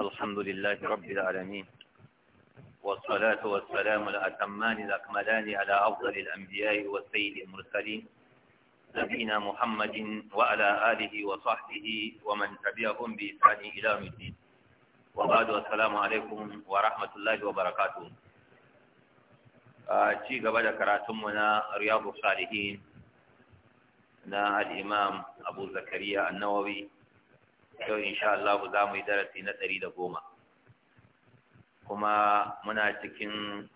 الحمد لله رب العالمين والصلاة والسلام الأتمان الأكملان على أفضل الأنبياء والسيد المرسلين نبينا محمد وعلى آله وصحبه ومن تبعهم بإحسان إلى يوم الدين وبعد السلام عليكم ورحمة الله وبركاته ci gaba da karatunmu na riyadu salihin na al'imam abu zakariya annawawi yau sha Allah za mu yi darasi na ɗari da goma kuma muna cikin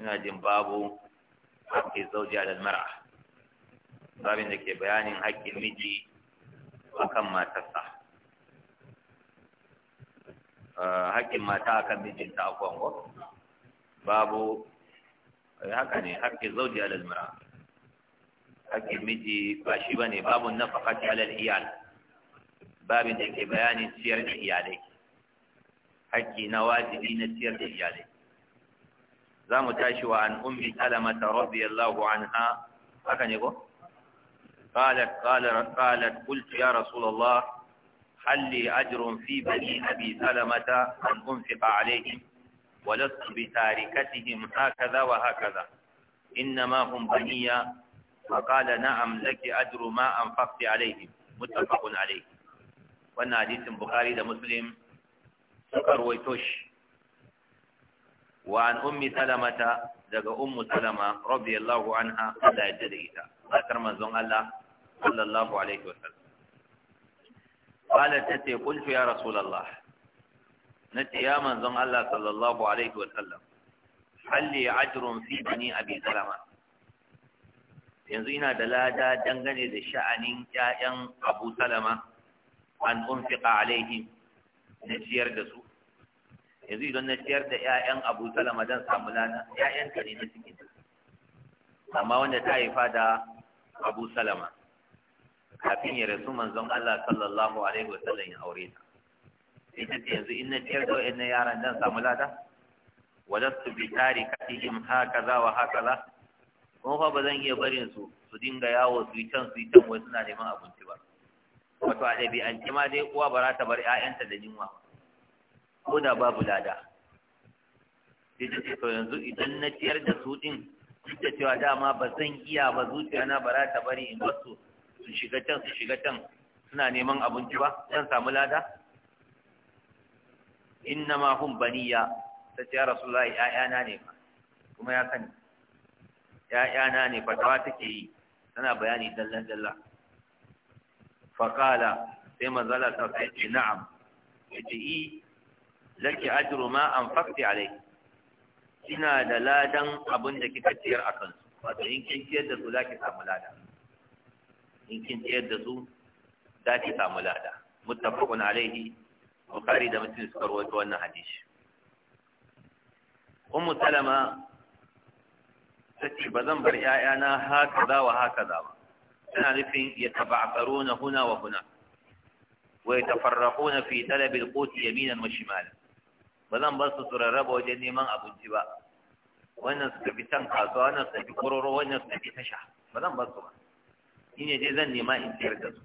ina jin babu haƙƙi zauji alal mar'a babin da ke bayanin haƙƙin miji akan matarsa ah, haƙƙin mata akan mijinta a kwango babu eh, haka ne haƙƙin zauji alal mar'a haƙƙin miji ba shi ne babu faƙaƙi alal iyal babin da ke bayanin ciyar da iyalai hakki na wajibi na ciyar da iyalai za mu tashi wa an ummi salamata radiyallahu anha haka ne ko قالت قال قالت قلت يا رسول الله هل لي أجر في بني أبي سلمة أن أنفق عليهم ولست بتاركتهم هكذا وهكذا إنما هم بنية فقال نعم لك أجر ما أنفقت عليهم متفق عليه wannan hadisin bukhari da muslim suka ruwaito shi wa an ummi salamata daga ummu salama radiyallahu anha Allah ya da ita matar manzon Allah sallallahu alaihi wasallam قالت تتي قلت يا ya الله نتي يا من زن الله صلى الله عليه وسلم هل لي عجر في بني أبي سلمة yanzu ina da lada dangane da sha'anin ƴaƴan Abu Salama an unfiqa alaihim na ciyar da su yanzu idan na ciyar da ƴaƴan Abu Salama dan samu lana ƴaƴan ka ne na cikin amma wanda ta haifa da Abu Salama kafin ya rasu manzon Allah sallallahu alaihi wa sallam ya aure ta ita ce yanzu in na ciyar da waɗannan yaran dan samu lada walastu bi tarikatihim hakaza wa hakaza kuma fa ba zan iya barin su su dinga yawo su yi can su yi can wai suna neman abinci ba wato a ɗabi'ance ma dai uwa ba za ta bar 'ya'yanta da yunwa ko da babu lada sai ta ce to yanzu idan na ciyar da su ɗin duk da cewa dama ba zan iya ba zuciya na ba za ta bari in basu su shiga can su shiga can suna neman abinci ba zan samu lada inna ma hum baniya ta ce ya rasulullahi ƴaƴana ne fa. kuma ya sani ƴaƴana ne fa fatawa take yi tana bayani dallan dallan faƙala sai manzala ta sai ce na'am ya ce i laki ajiru ma an fakti alai kina da ladan abin da kika ciyar a kansu wato in kin ciyar da su za ki samu lada in kin ciyar da su za ki samu lada muttafaqun alaihi bukhari da muslim suka rawaito wannan hadisi ummu salama ba zan bar ƴaƴana haka za wa haka za ba yana nufin ya taba'aru na huna wa huna wai tafarraku na fi talabil koti yaminan wa shimala ba zan bar su su rarraba wajen neman abinci ba wannan su tafi can kasuwa wannan su tafi kororo wannan su tafi tasha ba zan bar su ba shi ne dai zan nema in ciyar da su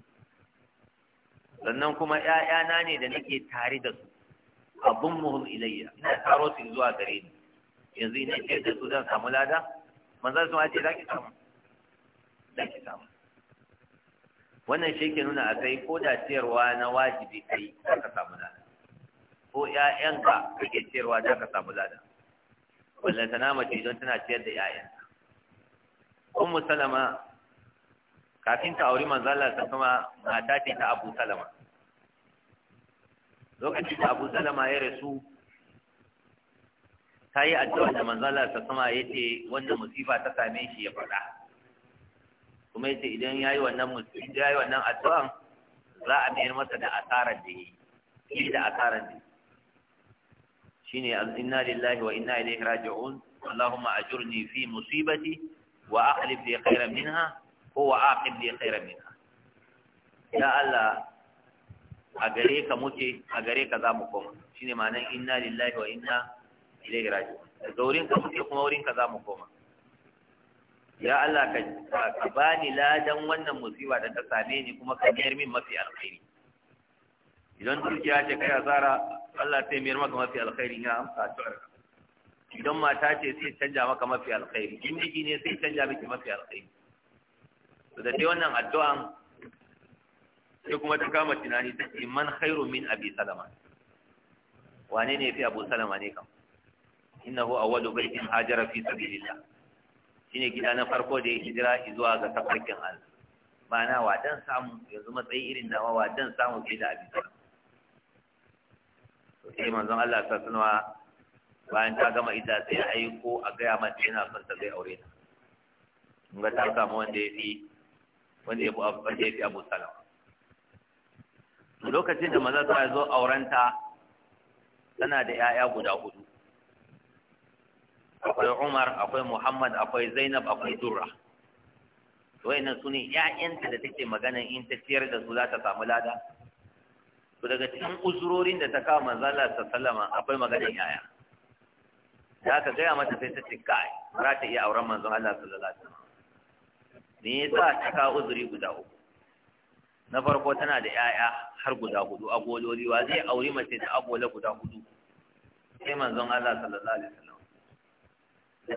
sannan kuma ‘ya'yana ne da nake tare da su abin muhim ilayya ina taro su zuwa gare ni yanzu ina ciyar da su zan samu lada manzan su ma ce za ki samu za ki samu wannan shi ke nuna a kai ko da ciyarwa na wajibi kai za ka samu lada ko ƴaƴanka ke ciyarwa za ka samu lada wannan tana mace don tana ciyar da ƴaƴanta ummu salama kafin ta auri manzo Allah ta kuma mata ce ta Abu Salama lokacin da Abu Salama ya rasu ta yi addu'a da manzo Allah ta kuma yace wannan musiba ta same shi ya faɗa kuma yace idan yayi wannan musulmi yayi wannan addu'an za a mayar masa da asarar da yi shi da asarar da shine inna lillahi wa inna ilaihi raji'un allahumma ajurni fi musibati wa akhlif li khairan minha ko wa aqib li khairan minha ya allah a gare ka muke a gare ka za mu koma shine ma'anar inna lillahi wa raji'un da wurin ka muke kuma wurin ka koma ya Allah ka bani ladan wannan musiba da ta same ni kuma ka mayar min mafi alkhairi idan dukiya ce kai azara Allah sai miyar maka mafi alkhairi ya amsa ta idan mata ce sai canja maka mafi alkhairi in miji ne sai canja miki mafi alkhairi to da dai wannan addu'an sai kuma ta kama tunani ta ce man khairu min abi salama wane ne fi abu salama ne kam innahu awwalu baitin hajara fi sabilillah shine gida na farko da ya hijira zuwa ga tafarkin Allah ma'ana wa dan samu yanzu matsayi irin da wa dan samu fiye da abin to sai manzon Allah ta sanwa bayan ta gama ita sai aiko a gaya mace yana son ta zai aure ta ga ta samu wanda ya fi wanda ya fi wanda ya fi Abu Salama lokacin da maza ta zo aurenta tana da 'ya'ya guda hudu akwai umar akwai muhammad akwai zainab akwai durra wayannan su ne ƴaƴanta da take magana in ta siyar da su za ta samu lada to daga cikin uzurorin da ta kawo manzo Allah sallama akwai maganin yaya da aka gaya mata sai ta ce kai za ta iya auren manzon Allah sallallahu alaihi wasallam me yasa ta kawo uzuri guda uku na farko tana da ƴaƴa har guda hudu agololi wa zai auri mace da agola guda hudu sai manzon Allah sallallahu alaihi wasallam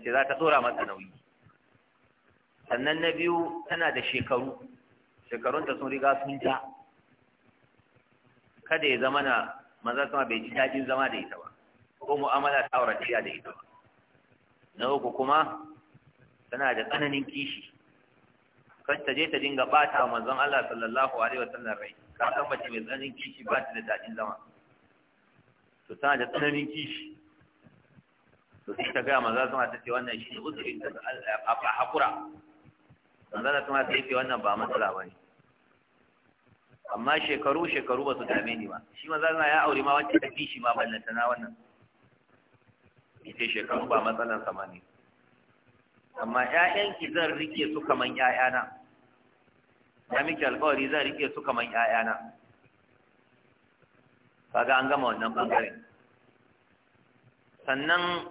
ce za ta tsora masa nauyi sannan na biyu tana da shekaru shekarunta sun riga sun ja kada ya zama na maza sama bai ji daɗin zama da ita ba ko mu'amala ta auratayya da ita ba na uku kuma tana da tsananin kishi kan ta je ta dinga bata wa manzon Allah sallallahu alaihi wa sallam rai ka san mace mai tsananin kishi ba ta da daɗin zama to tana da tsananin kishi to sai ta gaya maza sama ta ce wannan shi ne uzurin da a hakura da sama ta ce wannan ba matsala ne. amma shekaru shekaru ba su dame ni ba shi maza sama ya aure ma wacce ta shi ma ballanta na wannan ita shekaru ba matsalan sama ne amma ki zan rike su kaman ƴaƴana ya miki alƙawari zan rike su kaman ƴaƴana kaga an gama wannan bangaren sannan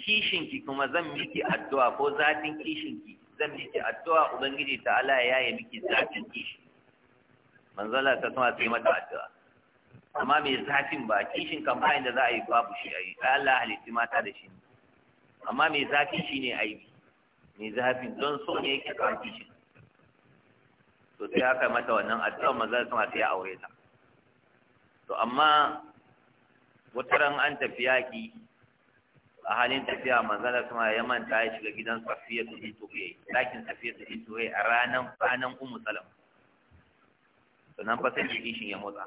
kishinki kuma zan miki addu'a ko zafin kishinki zan miki addu'a ubangiji ta ala ya yi miki zafin kishi manzala ta sama sai mata addu'a amma mai zafin ba kishin kan bayan da za a yi babu shi a yi Allah halitti mata da shi amma mai zafi shi ne aibi mai zafin don so ne yake kan kishin to sai aka mata wannan addu'a manzala sama sai ya aure ta to amma wataran an tafi ki. a halin tafiya manzala kuma ya manta ya shiga gidan safiya da dinto lakin safiya su dinto a ranan ranan umu salam sannan fa sai kishin ya motsa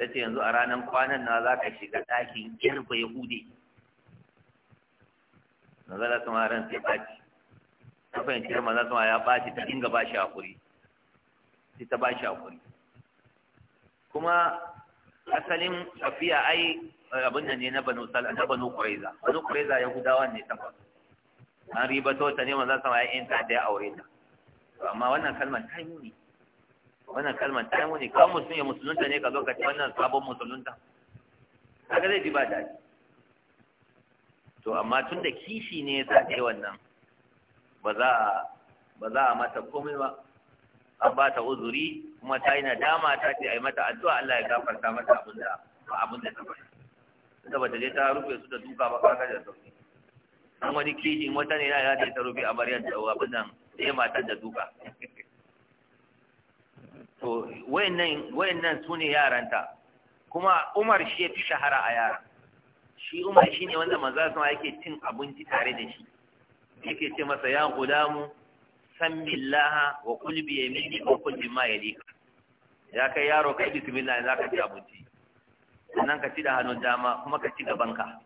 ta ce yanzu a ranan kwanan na za ka shiga dakin ya yahudi manzala kuma ran sai ɓaci ta fahimci yar manzala kuma ya ɓaci ta dinga ba shi hakuri sai ta ba shi hakuri kuma asalin safiya ai abin nan ne na banu sala na banu quraiza banu quraiza yahudawa ne takwas an ribato ta ne manzo sama ya inta da aure ta amma wannan kalmar ta yi muni wannan kalmar ta yi muni kawai musulmi ya musulunta ne ka zo ka ci wannan sabon musulunta kaga zai ba daɗi to amma tun da kishi ne ya sa wannan ba za a ba za a mata komai ba an ba ta uzuri kuma ta yi nadama ta ce a yi mata addu'a Allah ya gafarta mata abin da abin da ta faɗi da dai je ta rufe su da duka ba kaga da sauki an wani kishin wata ne na ta rufe amaryar da abin nan sai matan da duka to wayan nan su ne yaranta kuma Umar shi ya fi shahara a yara shi Umar shi ne wanda maza sama yake cin abinci tare da shi yake ce masa ya gudamu san billaha wa kulbi yamini wa kulbi ma yalika ya kai yaro kai bismillah za ka ci abinci sannan ka ci da hannun dama kuma ka ci gabanka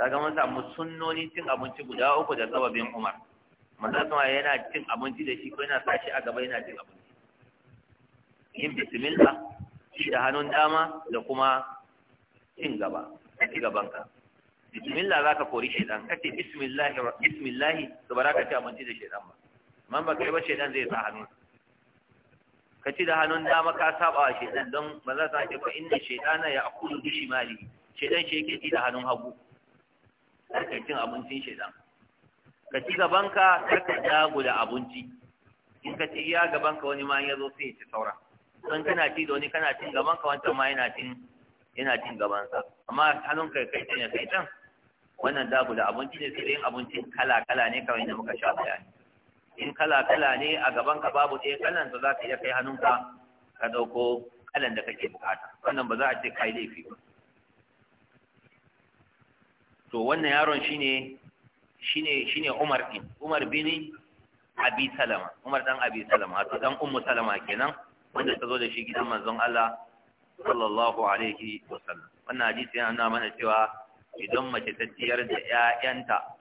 kaga mun samu sunnoni cin abinci guda uku da sababin umar manzo kuma yana cin abinci da shi ko yana sa shi a gaba yana cin abinci yin bismillah ci da hannun dama da kuma cin gaba ka ci gabanka bismillah zaka kori shaitan kace bismillah bismillah to baraka ci abinci da shaidan ba man ba kai ba shaidan zai sa hannunsa ka ci da hannun dama ka saba wa shaidan don ba za ta ce ba inda shaidana ya akulu shi mali shaidan shi yake ci da hannun hagu karka cin abincin shaidan ka ci gaban ka karka dago da abinci in ka ci iya gaban ka wani ma ya zo sai ya ci saura don kana ci da wani kana cin gaban ka wancan ma yana cin yana cin gaban sa amma hannun ka kai ya kai can wannan dago da abinci ne sai yin abincin kala kala ne kawai da muka sha bayani in kala kala ne a gaban ka babu ɗaya kalan to za ka iya kai hannunka ka ɗauko kalan da kake bukata wannan ba za a ce kai laifi ba to wannan yaron shine shine shine Umar bin Umar bin Abi Salama Umar dan Abi Salama wato dan Ummu Salama kenan wanda ta zo da shi gidan manzon Allah sallallahu alaihi wasallam wannan hadisi yana nuna mana cewa idan mace ta ciyar da ƴaƴanta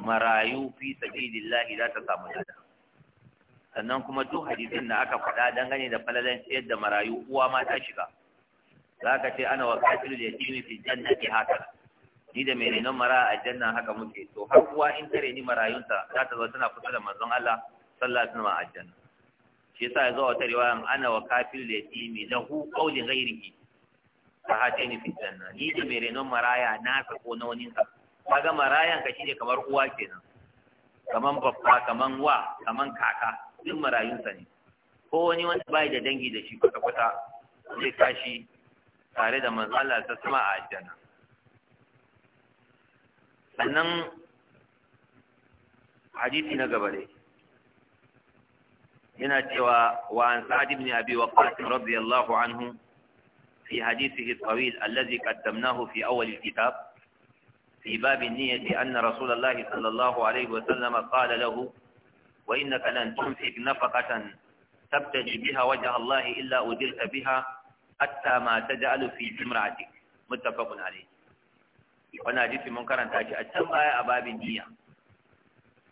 marayu fi sabilillah za ta samu lada sannan kuma duk hadisin da aka faɗa dangane da falalan ciyar da marayu uwa ma ta shiga za ka ce ana wa kafir da yatimi fi jannati haka ni da mai nan mara a janna haka muke to har uwa in tare ni marayunta za ta zo tana kusa da manzon Allah sallallahu alaihi wasallam a janna shi yasa ya zo wata riwayan ana wa kafir da yatimi lahu qawli ghairihi fa hatini fi janna ni da mai renon maraya na sako na wani sa kaga marayan ka shine kamar uwa kenan kaman babba kaman wa kaman kaka duk marayunsa ne ko wani wanda bai da dangi da shi kwata kwata zai tashi tare da manzo Allah ta sama a aljanna sannan hadisi na gaba dai yana cewa wa an sa'ad ibn abi waqas radiyallahu anhu fi hadisihi at-tawil alladhi qaddamnahu fi awwal al-kitab في باب النية أن رسول الله صلى الله عليه وسلم قال له وإنك لن تنفق نفقة تبتغي بها وجه الله إلا أدلت بها حتى ما تجعل في امرأتك متفق عليه وانا جئت من كرن تاجي أتم آية أباب النية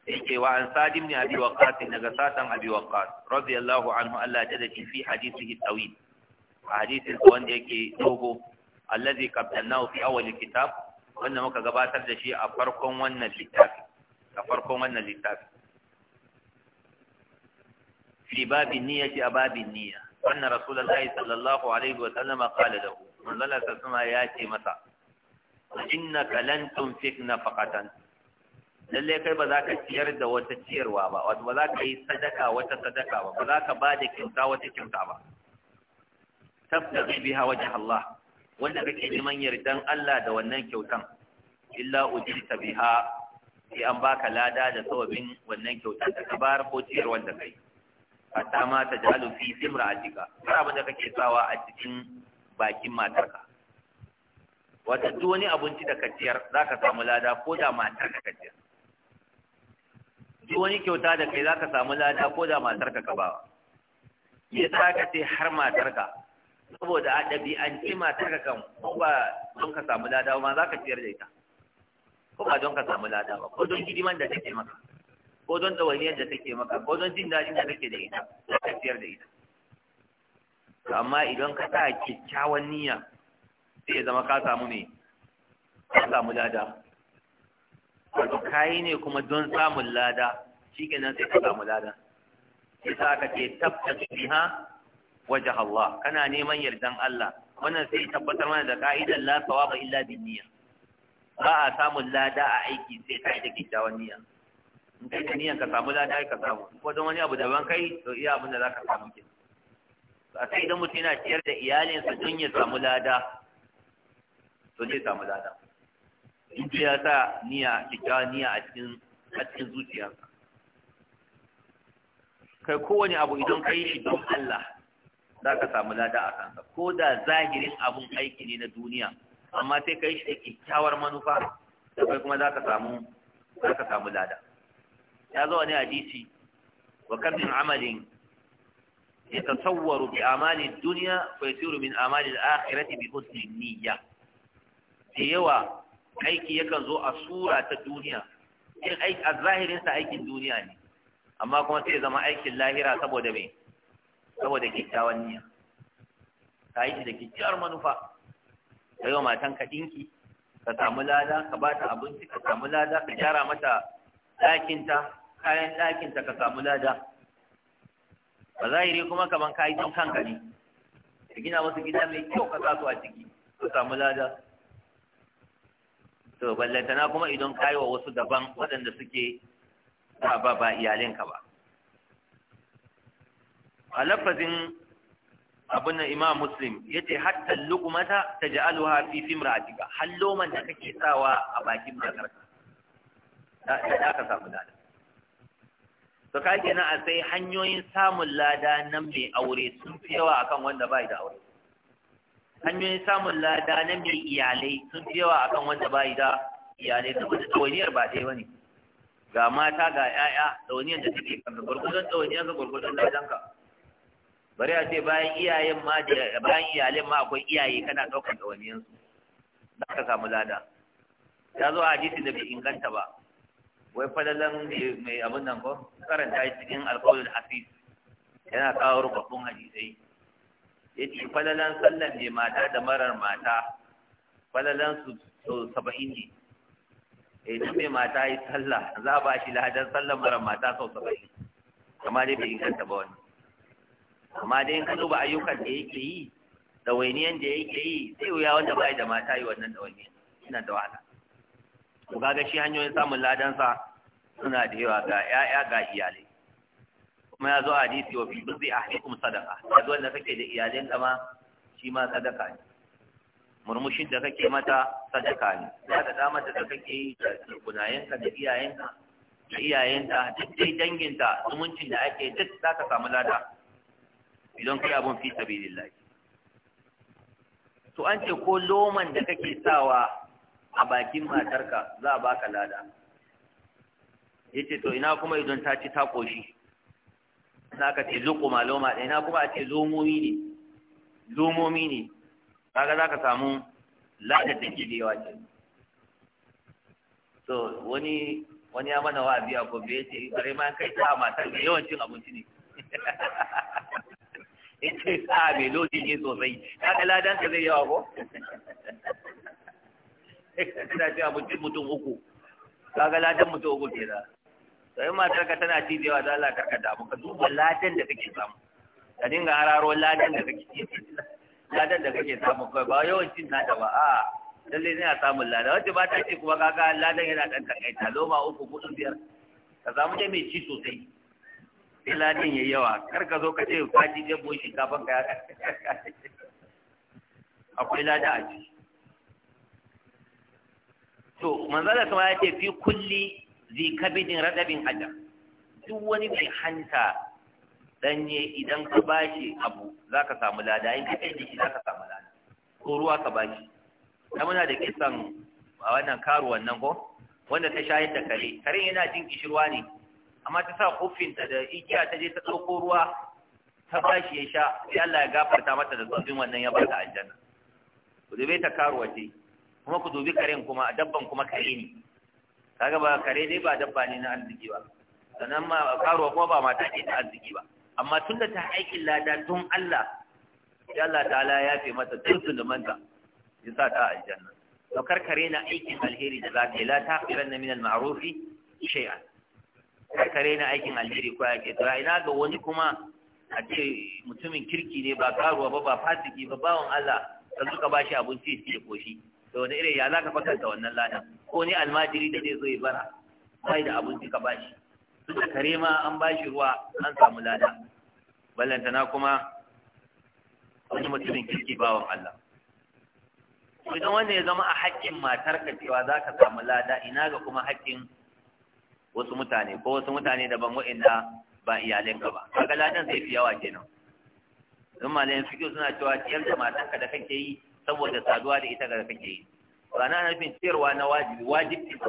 إيه وعن سعد بن أبي وقاص نجساتا أبي وقاص رضي الله عنه ألا تدتي في حديثه الطويل حديث الوان يكي توبو الذي قبلناه في أول الكتاب wanda muka gabatar da shi a farkon wannan littafi a farkon wannan littafi fi babin niyyati a babin niyya wannan rasulullahi sallallahu alaihi wa sallama qala lahu manzala sallama ya ce masa innaka lan tunfik nafaqatan lalle kai ba za ka ciyar da wata ciyarwa ba wato ba za ka yi sadaka wata sadaka ba ba za ka ba da kyauta wata kinta ba tabtaqi biha wajh Allah wanda kake neman yardan Allah da wannan kyautan illa ujirta biha sai an baka lada da sawabin wannan kyautan da ka bayar ko ciyarwar da kai hatta ma ta jalu fi simra'atika har abin da kake sawa a cikin bakin matarka wata duk wani abinci da kaciyar za zaka samu lada ko da matar ka kaciyar duk wani kyauta da kai zaka samu lada ko da matar ka ka bawa me yasa ka ce har matar ka saboda a ɗabi'ance matar ka kan kuma don ka samu lada ba za ka ciyar da ita ko ba don ka samu lada ba ko don hidiman da take maka ko don ɗawainiyar da take maka ko don jin daɗin da take da ita za ka ciyar da ita amma idan ka sa kyakkyawan niyya sai ya zama ka samu me ka samu lada wato kayi ne kuma don samun lada kenan sai ka samu lada sai sa ka ce tabta biha wajh Allah kana neman yardan Allah wannan sai tabbatar mana da ka'idan la sawaba illa bin ba a samun lada a aiki sai kai da kyakkyawan niyya in kai da niyyan ka samu lada ka samu ko don wani abu daban kai to iya abin da za ka samu ke a sai idan mutum yana ciyar da iyalinsa don ya samu lada to zai samu lada in ya sa niyya kyakkyawan niyya a cikin a cikin zuciyarsa kai kowane abu idan ka yi shi don Allah za ka samu lada a kansa ko da zahirin abun aiki ne na duniya amma sai ka yi shi da kyakkyawar manufa da kai kuma za ka samu za ka samu lada ya zo a hadisi wa kam amalin ya tasawwaru bi amali dunya fa yasiru min amali al-akhirati bi husni niyya da yawa aiki yakan zo a sura ta duniya in aiki a zahirin sa aikin duniya ne amma kuma sai zama aikin lahira saboda mai. saboda kyakkyawan niyya ka yi shi da kyakkyawar manufa ka yi wa matanka ɗinki ka samu lada ka ba ta abinci ka samu lada ka gyara mata ɗakinta kayan ɗakinta ka samu lada ba zahiri kuma kamar ka yi don kanka ne ka gina wasu gida mai kyau ka sa su a ciki ka samu lada to ballantana kuma idan ka yi wa wasu daban waɗanda suke ba ba iyalinka ba a lafazin abin na imam muslim ya ce hatta lukumata ta ji aluha fi simra'atika halloman da kake sawa a bakin matarka da ka samu lada to ka kenan a sai hanyoyin samun lada nan mai aure sun fi yawa akan wanda bai da aure hanyoyin samun lada nan mai iyalai sun fi yawa akan wanda bai da iyalai saboda tsawaniyar ba dai bane ga mata ga 'ya'ya tsawaniyar da take kanka gurgurdan tsawaniyar ga gurgurdan ladanka bari a ce bayan iyayen ma bayan iyalen ma akwai iyaye kana ɗaukar ɗawainiyansu za ka samu lada ya zo a jisi da bai inganta ba wai falalan mai abin nan ko karanta shi cikin alƙawlul hafiz yana kawo rubabbun hadisai ya ce falalan sallan mai mata da marar mata falalan su saba'in ne ya eh, duk mai mata yi sallah za a ba shi ladan sallan marar mata sau saba'in kamar dai bai inganta ba wani amma dai in ka duba ayyukan da yake yi ɗawainiyan da yake yi sai wuya wanda ba da mata yi wannan ɗawainiyan ina da wahala Ku kaga shi hanyoyin samun ladansa suna da yawa ga 'ya'ya ga iyalai kuma ya zo hadisi wa fi buzi ahlikum sadaqa zo wanda kake da iyalin ma shi ma sadaka ne murmushin da kake mata sadaka ne za ka da da kake yi da gunayenka da iyayenka da iyayenta duk dai danginta zumuncin da ake duk za ka samu lada idan kai abun fi sabilillah to an ce ko loman da kake sawa a bakin matarka za a baka lada yace to ina kuma idan ta ci ta koshi na ka ce zuƙuma loma da ina kuma a ce zomomi ne zomomi ne kaga za ka samu lada da ke da yawa ce to wani wani ya mana wa biya gobe ya ce bare ma kai ta mata yawancin yawan cin abinci ne in ce sa mai loji ne sosai ta ladan ka zai yawa ko kana ce abincin mutum uku kaga ladan mutum uku ke da sai matar ka tana ci da yawa za Allah karka damu ka duba ladan da kake samu ka dinga hararo ladan da kake ladan da kake samu kai ba yawan cin da ba a'a lallai zai samun lada wacce ba ta ce kuma ka kaga ladan yana dan takaita loma uku hudu biyar ka samu dai mai ci sosai sai ladin ya yawa kar ka zo ka ce ka ji zai boye shinkafan ka akwai lada a ciki to manzala kuma ya ce fi kulli zi kabidin radabin adam duk wani mai hanta danye idan ka bashi abu za ka samu lada in ka kai shi za ka samu lada ko ruwa ka bashi Ta muna da kisan a wannan karuwan nan ko wanda ta shayar da kare karen yana jin kishirwa ne amma ta sa kofinta da igiya ta je ta ɗauko ruwa ta bashi ya sha sai Allah ya gafarta mata da zafin wannan ya bata aljanna ku dube ta karuwa ce kuma ku dubi karen kuma dabban kuma kare ne kaga ba kare dai ba dabba ne na arziki ba sannan ma karuwa kuma ba mata ce ta arziki ba amma tun da ta aikin lada tun Allah sai Allah ta'ala ya fi mata tun zulumanta ya sa ta aljanna to kare na aikin alheri da za ta yi la ta na min al-ma'rufi shay'an kare na aikin alheri ko ya ke to ina ga wani kuma a ce mutumin kirki ne ba karuwa ba ba fasiki ba bawan Allah da suka ba shi abinci su da koshi da wani irin ya zaka ka wannan ladan ko ne almajiri da zai zo ya bara bai da abinci ka ba shi su da kare ma an ba shi ruwa an samu lada ballantana kuma wani mutumin kirki bawan Allah idan wannan ya zama a haƙƙin matarka cewa za ka samu lada ina ga kuma haƙƙin wasu mutane ko wasu mutane daban wa'inda ba ka ba kaga ladan zai fi yawa kenan in malayan fiƙi suna cewa ciyar da matanka da kake yi saboda saduwa da ita da kake yi rana na nufin ciyarwa na wajibi wajibcin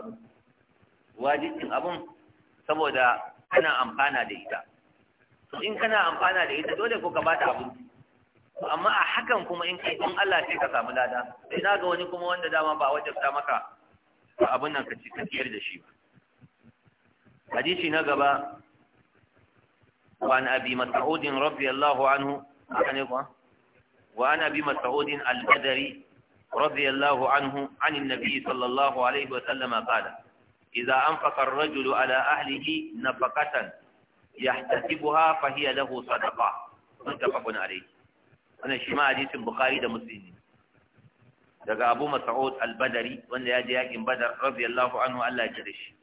abun abun saboda kana amfana da ita in kana amfana da ita dole ko ka bata abun? amma a hakan kuma in kai don Allah sai ka samu lada sai na ga wani kuma wanda dama ba wajabta maka abun nan ka ciyar da shi ba hadisi na gaba وعن أبي مسعود رضي الله عنه وعن أبي مسعود البدري رضي الله عنه عن النبي صلى الله عليه وسلم قال إذا أنفق الرجل على أهله نفقة يحتسبها فهي له صدقة متفق عليه أنا شماء حديث البخاري ده مسلم daga Abu Mas'ud Al-Badari wanda ya je yakin Badar radiyallahu anhu Allah ya jire shi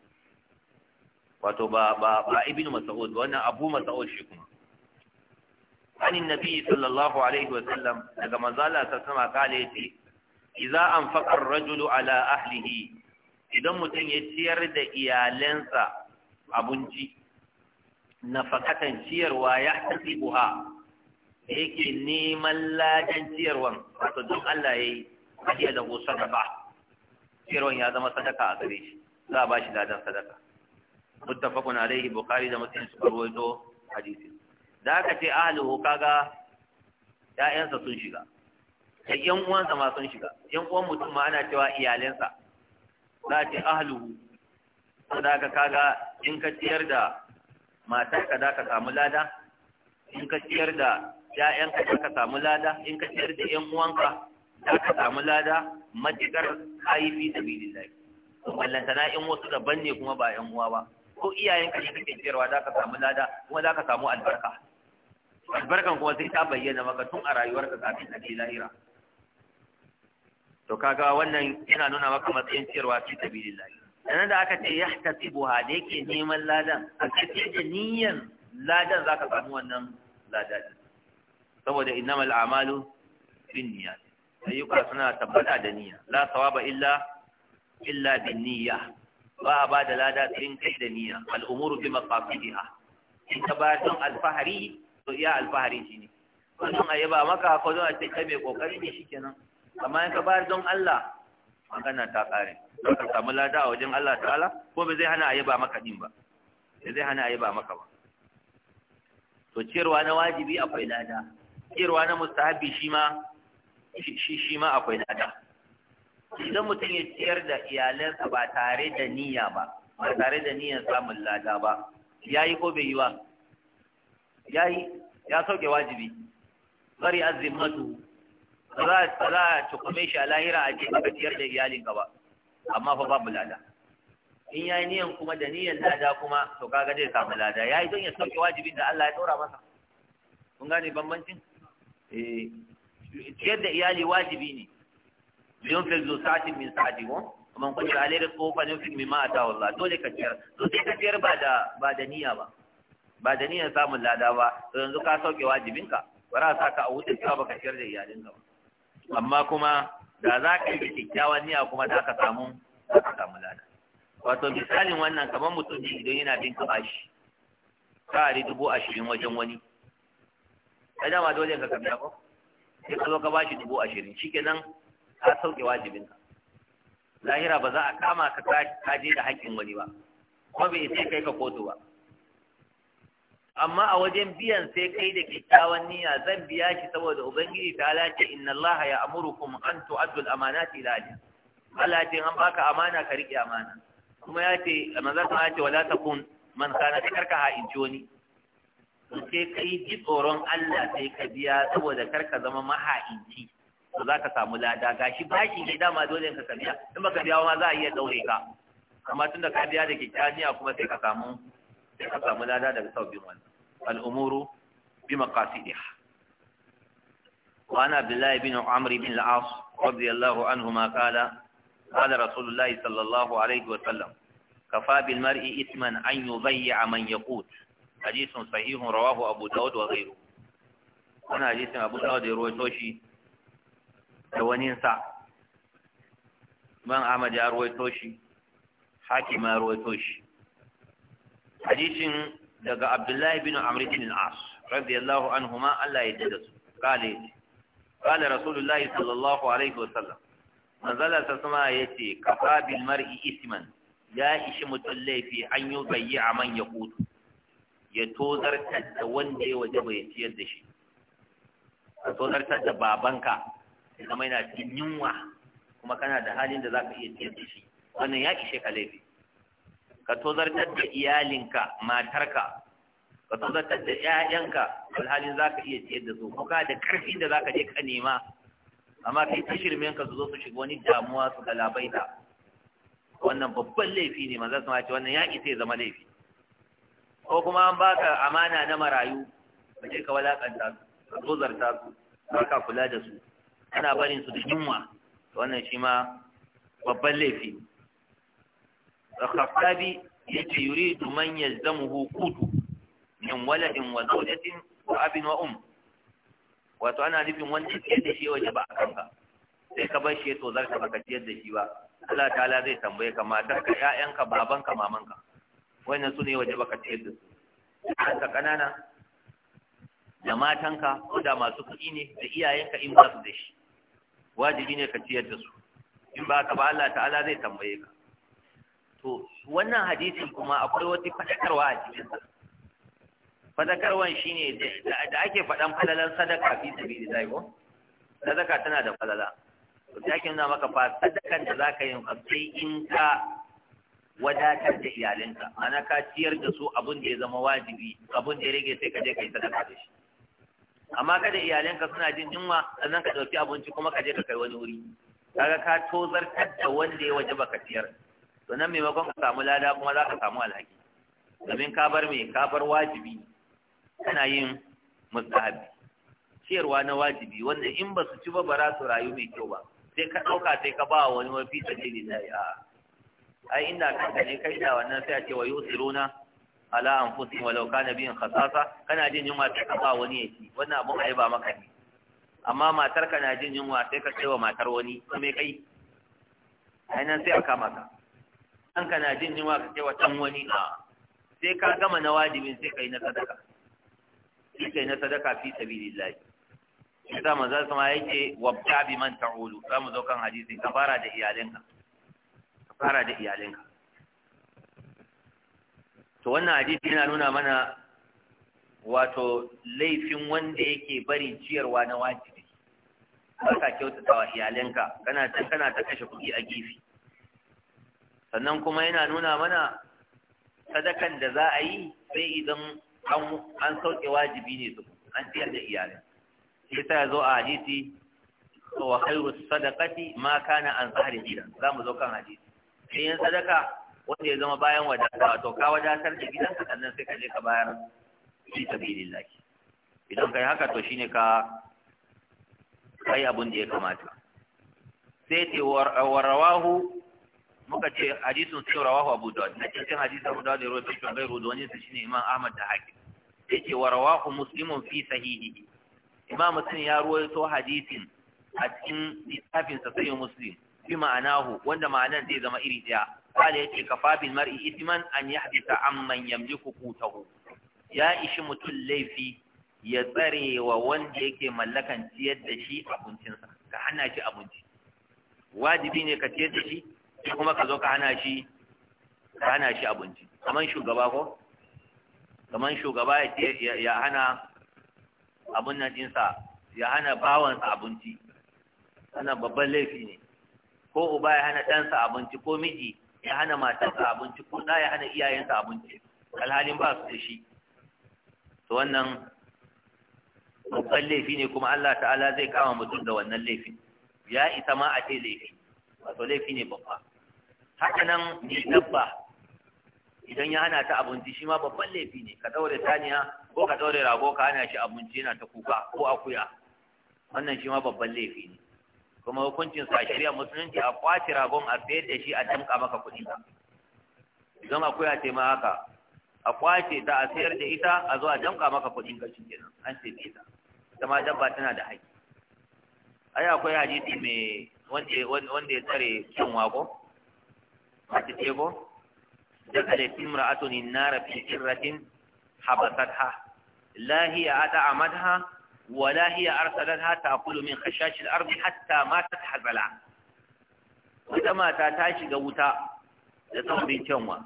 wato ba ba ba ibnu wannan abu mas'ud shi kuma anin nabi sallallahu alaihi wa sallam daga manzala ta sama kale yace idza anfaqa ar-rajulu ala ahlihi idan mutum ya ciyar da iyalansa abinci nafakatan ciyarwa ya hasibuha yake neman ladan ciyarwan wato don Allah yayi ajiya da sadaka ciyarwan ya zama sadaka a gare shi za a ba shi ladan sadaka muttafaqun alaihi bukhari da muslim suka rawaito hadisin da aka ce ahlihu kaga ƴaƴansa sun shiga Sai ƴan uwansa ma sun shiga ƴan uwan mutum ma ana cewa iyalansa za a ce ahlihu saboda haka kaga in ka ciyar da matarka za ka samu lada in ka ciyar da ‘ya'yanka za ka samu lada in ka ciyar da ‘yan uwanka za ka samu lada matuƙar haifi da bilin lafi ballantana in wasu daban ne kuma ba ‘yan uwa ba ko iyayenka ne kake ciyarwa za ka samu lada kuma za ka samu albarka albarkan kuma sai ta bayyana maka tun a rayuwarka kafin a je lahira to kaga wannan yana nuna maka matsayin ciyarwa fi sabilillah dan da aka ce yahtasibuha da yake neman ladan a cikin da niyyar ladan zaka samu wannan lada. saboda innamal a'malu binniyat ayyuka suna tabbata da niyya la thawaba illa illa binniyya ba a ba da lada tsirin kai da niyya al'umuru bi maqasidiha in ka bayar don alfahari to iya alfahari shi ne wannan a yaba maka ko don a ce kai mai kokari ne shikenan amma in ka bayar don Allah magana ta kare don ka samu lada a wajen Allah ta'ala ko ba zai hana a yaba maka din ba ba zai hana a yaba maka ba to ciyarwa na wajibi akwai lada ciyarwa na mustahabi shi ma shi ma akwai lada idan mutum ya ciyar da iyalansa ba tare da niyya ba ba tare da niyyar samun lada ba ya yi ko bai yi ba ya yi ya sauke wajibi bari azimatu ba za a tukume shi a lahira a cikin ka ciyar da iyalinka ba amma fa babu lada in ya yi niyan kuma da niyan lada kuma to kaga zai samu lada ya yi don ya sauke wajibin da Allah ya ɗora masa kun gane bambancin eh ciyar da iyali wajibi ne yunfiq zu sa'atin min sa'ati wa man qadira alayhi rizquhu falyunfiq mimma ataahu Allah dole ka ciyar to sai ka ciyar ba da ba da niyya ba ba da niyya samun lada ba to yanzu ka sauke wajibinka ba za sa ka a wutar ba ka ciyar da iyalinka ba amma kuma da za ka yi kyakkyawan niyya kuma za ka samu za ka samu lada wato misalin wannan kamar mutum ne idan yana bin kabashi bashi dubu ashirin wajen wani kai dama dole ka kamya ko sai ka zo ka bashi dubu ashirin shikenan ka sauke wajibinka lahira ba za a kama ka ka je da hakkin wani ba kuma bai sai kai ka kotu ba amma a wajen biyan sai kai da kyakkyawan niyya zan biya shi saboda ubangiji ta lace inna allaha ya amurukum an tu'addu al-amanati ila Allah ce an baka amana ka rike amana kuma ya ce manzon Allah ya ce wala takun man kana karka ha'in joni sai kai ji tsoron Allah sai ka biya saboda karka zama maha'inci to za ka samu lada gashi bashi ne dama dole ka biya in baka biya ma za a iya daure ka amma tun da ka biya da kikkiya kuma sai ka samu sai ka samu lada daga sabbin wannan al'umuru bi maqasidiha وعن عبد الله بن عمرو بن العاص رضي الله عنهما قال قال رسول الله صلى الله عليه وسلم كفى بالمرء إثما أن يضيع من يقوت حديث صحيح رواه أبو داود وغيره أنا حديث أبو داود يروي shi. da waninsa man Ahmad ya ruwaito shi hakim ya ruwaito shi Hadishin daga Abdullahi bin Amr bin al-As radiyallahu anhuma Allah ya yarda su kale kale Rasulullahi sallallahu alaihi wasallam manzala ta sama ce, kafa bilmar mar'i isman ya ishi mutum laifi an yi bayi a man ya hutu ya tozartar da wanda ya waje bai ciyar da shi a tozartar da babanka ya zama yana cikin yunwa kuma kana da halin da za ka iya ciyar da shi wannan ya ishe ka laifi ka tozartar da iyalinka matarka ka tozartar da ƴaƴanka alhalin za ka iya ciyar da su ko ka da ƙarfin da za ka je ka nema amma kai ta shirmen ka su zo su shiga wani damuwa su galabaita wannan babban laifi ne maza sama ce wannan ya ishe ya zama laifi ko kuma an baka amana na marayu ka je ka walakanta su ka tozarta su ka kula da su ana barin su da yunwa wannan shi ma babban laifi al-khattabi yace yuridu man yalzamuhu qutu min waladin wa zawjatin wa abin wa um wato ana nufin wanda ke da shi waje ba akan ka sai ka bar shi to ka baka ciyar da shi ba Allah ta'ala zai tambaye ka matarka ƴaƴanka babanka mamanka wannan su ne waje baka ciyar da su kanka kanana da matanka ko da masu kuɗi ne da iyayenka in ba su da shi wajibi ne ka ciyar da su in ba ka ba Allah ta'ala zai tambaye ka to wannan hadisin kuma akwai wata fadakarwa a cikin sa fadakarwan shine da ake faɗan falalan sadaka fi sabilillah ko sadaka tana da falala to ta ake nuna maka fa sadakan da zaka yi sai in ka wadatar da iyalinka ana ka ciyar da su abin da ya zama wajibi abin da ya rage sai ka je ka yi sadaka da shi amma kada iyalanka suna jin yunwa sannan ka ɗauki abinci kuma ka je ka kai wani wuri kaga ka tozartar da wanda ya waje baka siyar to nan maimakon ka samu lada kuma za ka samu alhaki domin ka bar me ka bar wajibi kana yin mustahabi ciyarwa na wajibi wanda in ba su ci ba ba su rayu mai kyau ba sai ka ɗauka sai ka ba wani mafi ta ce ne ai inda kanka ne kai da wannan sai a ce wa yusiruna ala anfusihim walau kana bihim khasasa kana jin yunwa sai ka ba wani yake wannan abun ai ba maka ne amma matar ka na jin yunwa sai ka cewa matar wani to me kai ai nan sai a kama ka an ka na jin yunwa ka cewa tan wani a sai ka gama na wajibin sai kai na sadaka sai kai na sadaka fi sabilillah yasa manzo sama yake wabta bi man ta'ulu zamu zo kan hadisi ka fara da iyalinka ka fara da iyalinka to wannan hadisi yana nuna mana wato laifin wanda yake barin ciyarwa na wajibi ba ka kyautata wa iyalanka kana ta kana ta kashe kuɗi a gifi. sannan kuma yana nuna mana sadakan da za a yi sai idan an an sauke wajibi ne su an ciyar da iyalin. shi ya zo a hadisi wa khairu sadaqati ma kana an zahri dina za mu zo kan hadisi sai yin sadaka wanda ya zama bayan wadata wato ka wadatar da ka sannan sai ka je ka bayar fi sabilillah idan kai haka to shine ka kai abun da ya kamata sai ce warawahu muka ce hadisun sai rawahu abu dawud na cikin hadisun abu dawud ya rawaito shi gairu da wani su shine imam ahmad da hakim Sai wa rawahu muslimun fi sahihihi imam muslim ya rawaito hadisin a cikin littafin sa sahih muslim bi ma'anahu wanda ma'anan zai zama iri daya kale yace kafa bil mar'i ithman an yahdisa amman yamliku qutahu ya ishi mutum laifi ya tsare wa wanda yake mallakan ciyar da shi abincinsa ka hana shi abinci wajibi ne ka ciyar da shi kuma ka zo ka hana shi ka hana shi abinci kamar shugaba ko kamar shugaba ya hana abun nan dinsa ya hana bawansa abinci wannan babban laifi ne ko uba ya hana ɗansa abinci ko miji ya hana matarsa abinci ko da ya hana iyayensa abinci alhalin ba su da shi to wannan babban laifi ne kuma Allah ta'ala zai kama mutum da wannan laifin ya isa ma a ce laifi wato laifi ne babba haka nan ni dabba idan ya hana ta abinci shi ma babban laifi ne ka daure saniya ko ka daure rago ka hana shi abinci yana ta kuka ko akuya wannan shi ma babban laifi ne kuma hukuncin sa shari'a musulunci a kwace ragon a sayar da shi a damka maka kuɗi ba idan akwai a ce haka a kwace ta a sayar da ita a zo a damka maka kuɗin ka shi kenan an ce ita ita ma dabba tana da haƙƙi ai akwai hadisi mai wanda ya tsare kin wako masu tego daga da timra atun nara fi irratin ha lahiya ata ha. ولا هي أرسلتها تأكل من خشاش الأرض حتى ماتت حزلا وتما تاتاشي قوتا لتنبي كنوا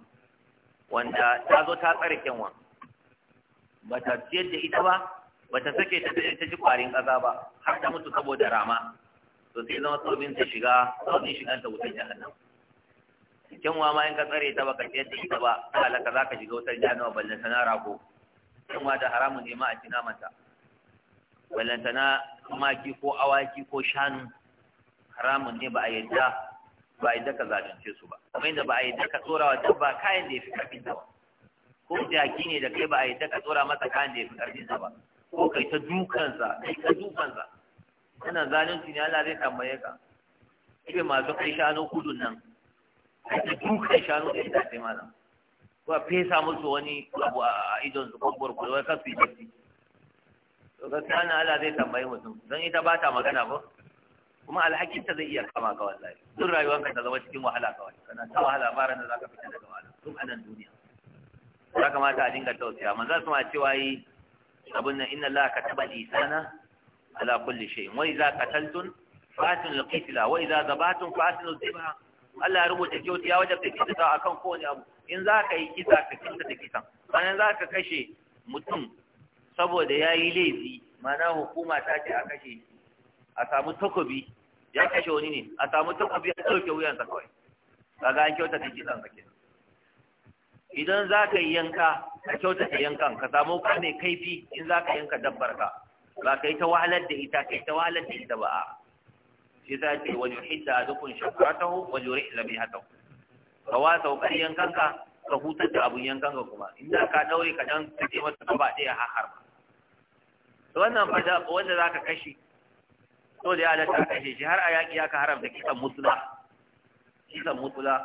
wanda ta zo ta tsare kyanwa ba ta ciyar ita ba ba ta sake ta ji kwarin ƙasa ba har ta mutu saboda rama to zama saurin ta shiga saurin shigan ta wutar jahannan kyanwa ma in tsare ta ba ka ciyar ita ba ta halaka za ka shiga wutar kyanwa da haramun nema a ci na maki ko awaki ko shanu haramun ne ba a yadda ba a yadda ka zalunce su ba kuma inda ba a yadda ka tsora wa dabba kayan da ya fi karfin ta ba ko jaki ne da kai ba a yadda ka tsora masa kayan da ya fi karfin ba ko kai ta dukansa kai ta dukansa wannan zalunci ne Allah zai tambaye ka ibe masu kai shanu kudun nan kai ta dukan shanu da ita sai malam ko a fesa musu wani abu a idon su ko gurgurwa kasu yi to gaskiya wannan Allah zai tambayi mutum don ita ba ta magana ba kuma alhakinta zai iya kama ga wallahi duk rayuwarka ta zama cikin wahala kawai kana ta wahala ba ran da zaka fita daga wahala tun anan duniya ya kamata a dinga tausaya manzo suma cewa yi abun nan inna allaha kataba lisana ala kulli shay'in wa idza qataltum fatun alqitla wa idza zabatum fatun dhibha Allah ya rubuta kyautiya wajen da kisa akan kowane abu in za ka yi kisa ka kinta da kisan sannan za ka kashe mutum saboda ya yi laifi mana hukuma ta ce a kashe a samu takobi ya kashe wani ne a samu takobi a ɗauke wuyansa kawai kaga an kyautata shi ɗan sake idan za ka yi yanka ka kyautata yankan ka samu ka mai kaifi in za ka yanka dabbar ka ba ka yi ta wahalar da ita ka yi ta wahalar da ita ba a shi za ce wani hidda a dukkan shakuratahu wani yuri ilami hatahu ka wasa ƙoƙarin yankan ka hutar da abun yankan ka kuma in za ka ɗaure ka ɗan kace masa ba ɗaya har ba wannan fada wanda za ka kashe so da ya ta kashe shi har a yaki ya ka haramta kisan mutula kisan mutula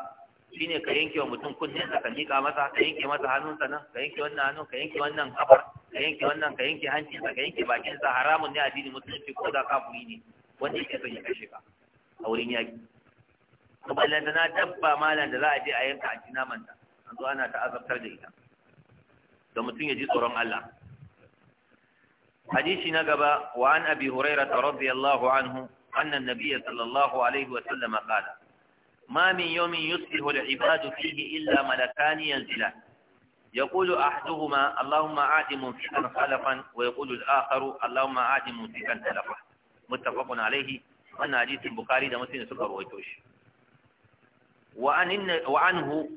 shi ne ka yanke wa mutum kunnen ka miƙa masa ka yanke masa sa nan ka yanke wannan hannun ka yanke wannan kafar ka yanke wannan ka yanke sa ka yanke bakinsa haramun ne addinin musulunci ko da kafuri ne wanda yake son ya kashe ka a wurin yaki. yaƙi da na dabba malam da za a je a yanka a ci namanta an zo ana ta azabtar da ita da mutum ya ji tsoron Allah hadisi na gaba wa an abi hurairah radiyallahu anhu anna an-nabiy sallallahu alaihi wa sallam qala ma min yawmin yusbihu al-ibadu fihi illa malakan yanzilan يقول أحدهما اللهم آت ممسكا خلفا ويقول الآخر اللهم آت ممسكا تلفا متفق عليه أن حديث البخاري ده مسلم سكر ويتوش وعن وعنه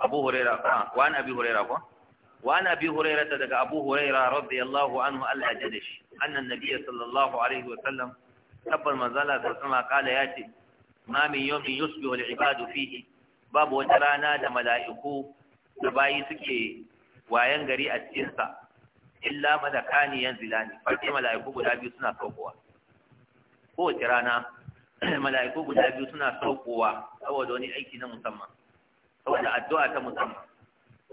أبو هريرة وعن أبي هريرة وعن أبي هريرة دك أبو هريرة رضي الله عنه الأجدش أن النبي صلى الله عليه وسلم قبل ما زال سمع قال ياتي ما من يوم يصبح العباد فيه باب وترانا da mala'iku da bayi suke wayan gari a cikin sa illa malakani yanzilani farke mala'iku guda biyu suna saukowa ko tirana mala'iku guda biyu suna saukowa saboda wani aiki na musamman saboda addu'a ta musamman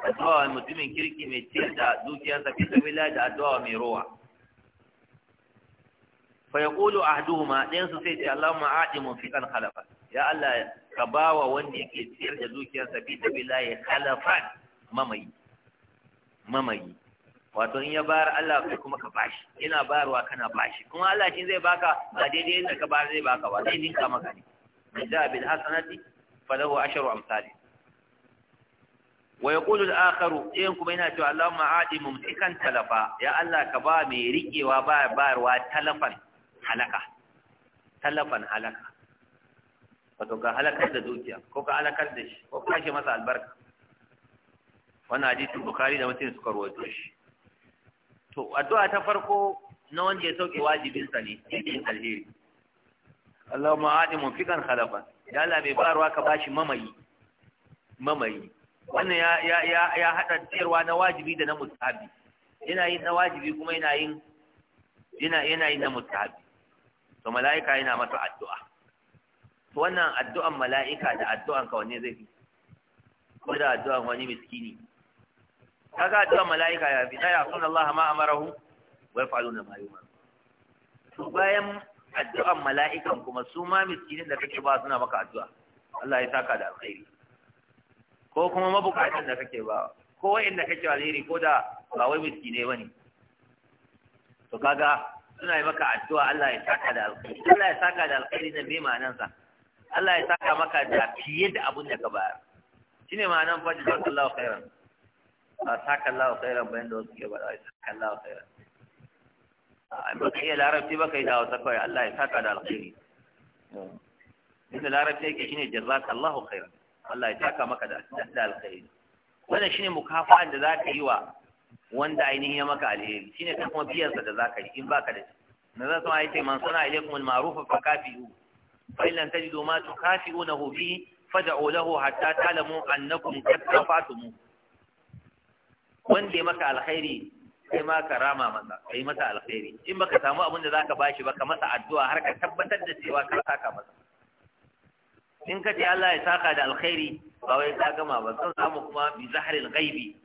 addu'a mutumin kirki mai ciyar da dukiyarsa fi sabila da addu'a mai ruwa. fa ya yaqulu ahduhuma ɗayan ɗayansu sai ce Allahumma a'ti munfiqan khalafa ya Allah ka ba wa wanda yake ciyar da dukiyarsa fi sabila khalafan mamayi mamayi wato in ya bayar Allah kai kuma ka bashi ina bayarwa kana bashi kuma Allah shi zai baka ba daidai yadda ka bayar zai baka ba zai ninka maka ne da bil hasanati falahu asharu amsalih wa yaqulu al-akharu in kuma yana cewa Allahumma aati mumtikan talafa ya Allah ka ba mai riƙewa ba bayarwa talafan halaka talafan halaka wato ka halakar da dukiya ko ka halakar da shi ko kashe masa albarka wannan hadisi bukari da mutum suka rawaito shi to addu'a ta farko na wanda ya sauke wajibinsa ne cikin alheri Allahumma aati mumtikan halafa ya Allah mai bayarwa ka bashi mamayi mamayi wannan ya ya ya ya hada ciyarwa na wajibi da na mustahabi yana yin na wajibi kuma yana yin yana yana yin na mustahabi to mala'ika yana masa addu'a to wannan addu'an mala'ika da addu'an ka wanne zai fi ko da addu'an wani miskini kaga addu'an mala'ika ya fi ya sunna Allah ma amarahu wa yaf'aluna ma yu'mar to bayan addu'an mala'ikan kuma su ma miskinin da kake ba suna maka addu'a Allah ya saka da alkhairi ko kuma mabukatan da kake ba ko wa'inda kake alheri ko da ba wai ne bane to kaga suna yi maka addu'a Allah ya saka da alkhairi Allah ya saka da alkhairi ne bi ma'anan sa Allah ya saka maka da fiye da abin da ka bayar shine ma'anan fa Allah khairan saka Allah khairan bayan da wasu ke ba saka Allah khairan a baka iya larabci ba kai da hausa kawai Allah ya saka da alkhairi inda larabci yake shine Allah khairan Allah ya taka maka da alkhairi wannan shine mukafa'an da zaka yi wa wanda ainihin ya maka alheri shine ta kuma biyan sa da zaka yi in baka da shi na za su ayyuka man sana ilaykum al-ma'ruf fa kafi'u fa in lam tajidu ma tukafi'unahu bi fad'u lahu hatta ta'lamu annakum qad kafatum wanda ya maka alkhairi kai ma ka rama masa kai masa alkhairi in baka samu abin da zaka bashi ba ka masa addu'a har ka tabbatar da cewa ka saka masa in ka ce Allah ya saka da alkhairi ba wai ka gama ba Zan samu kuma bi zahril ghaibi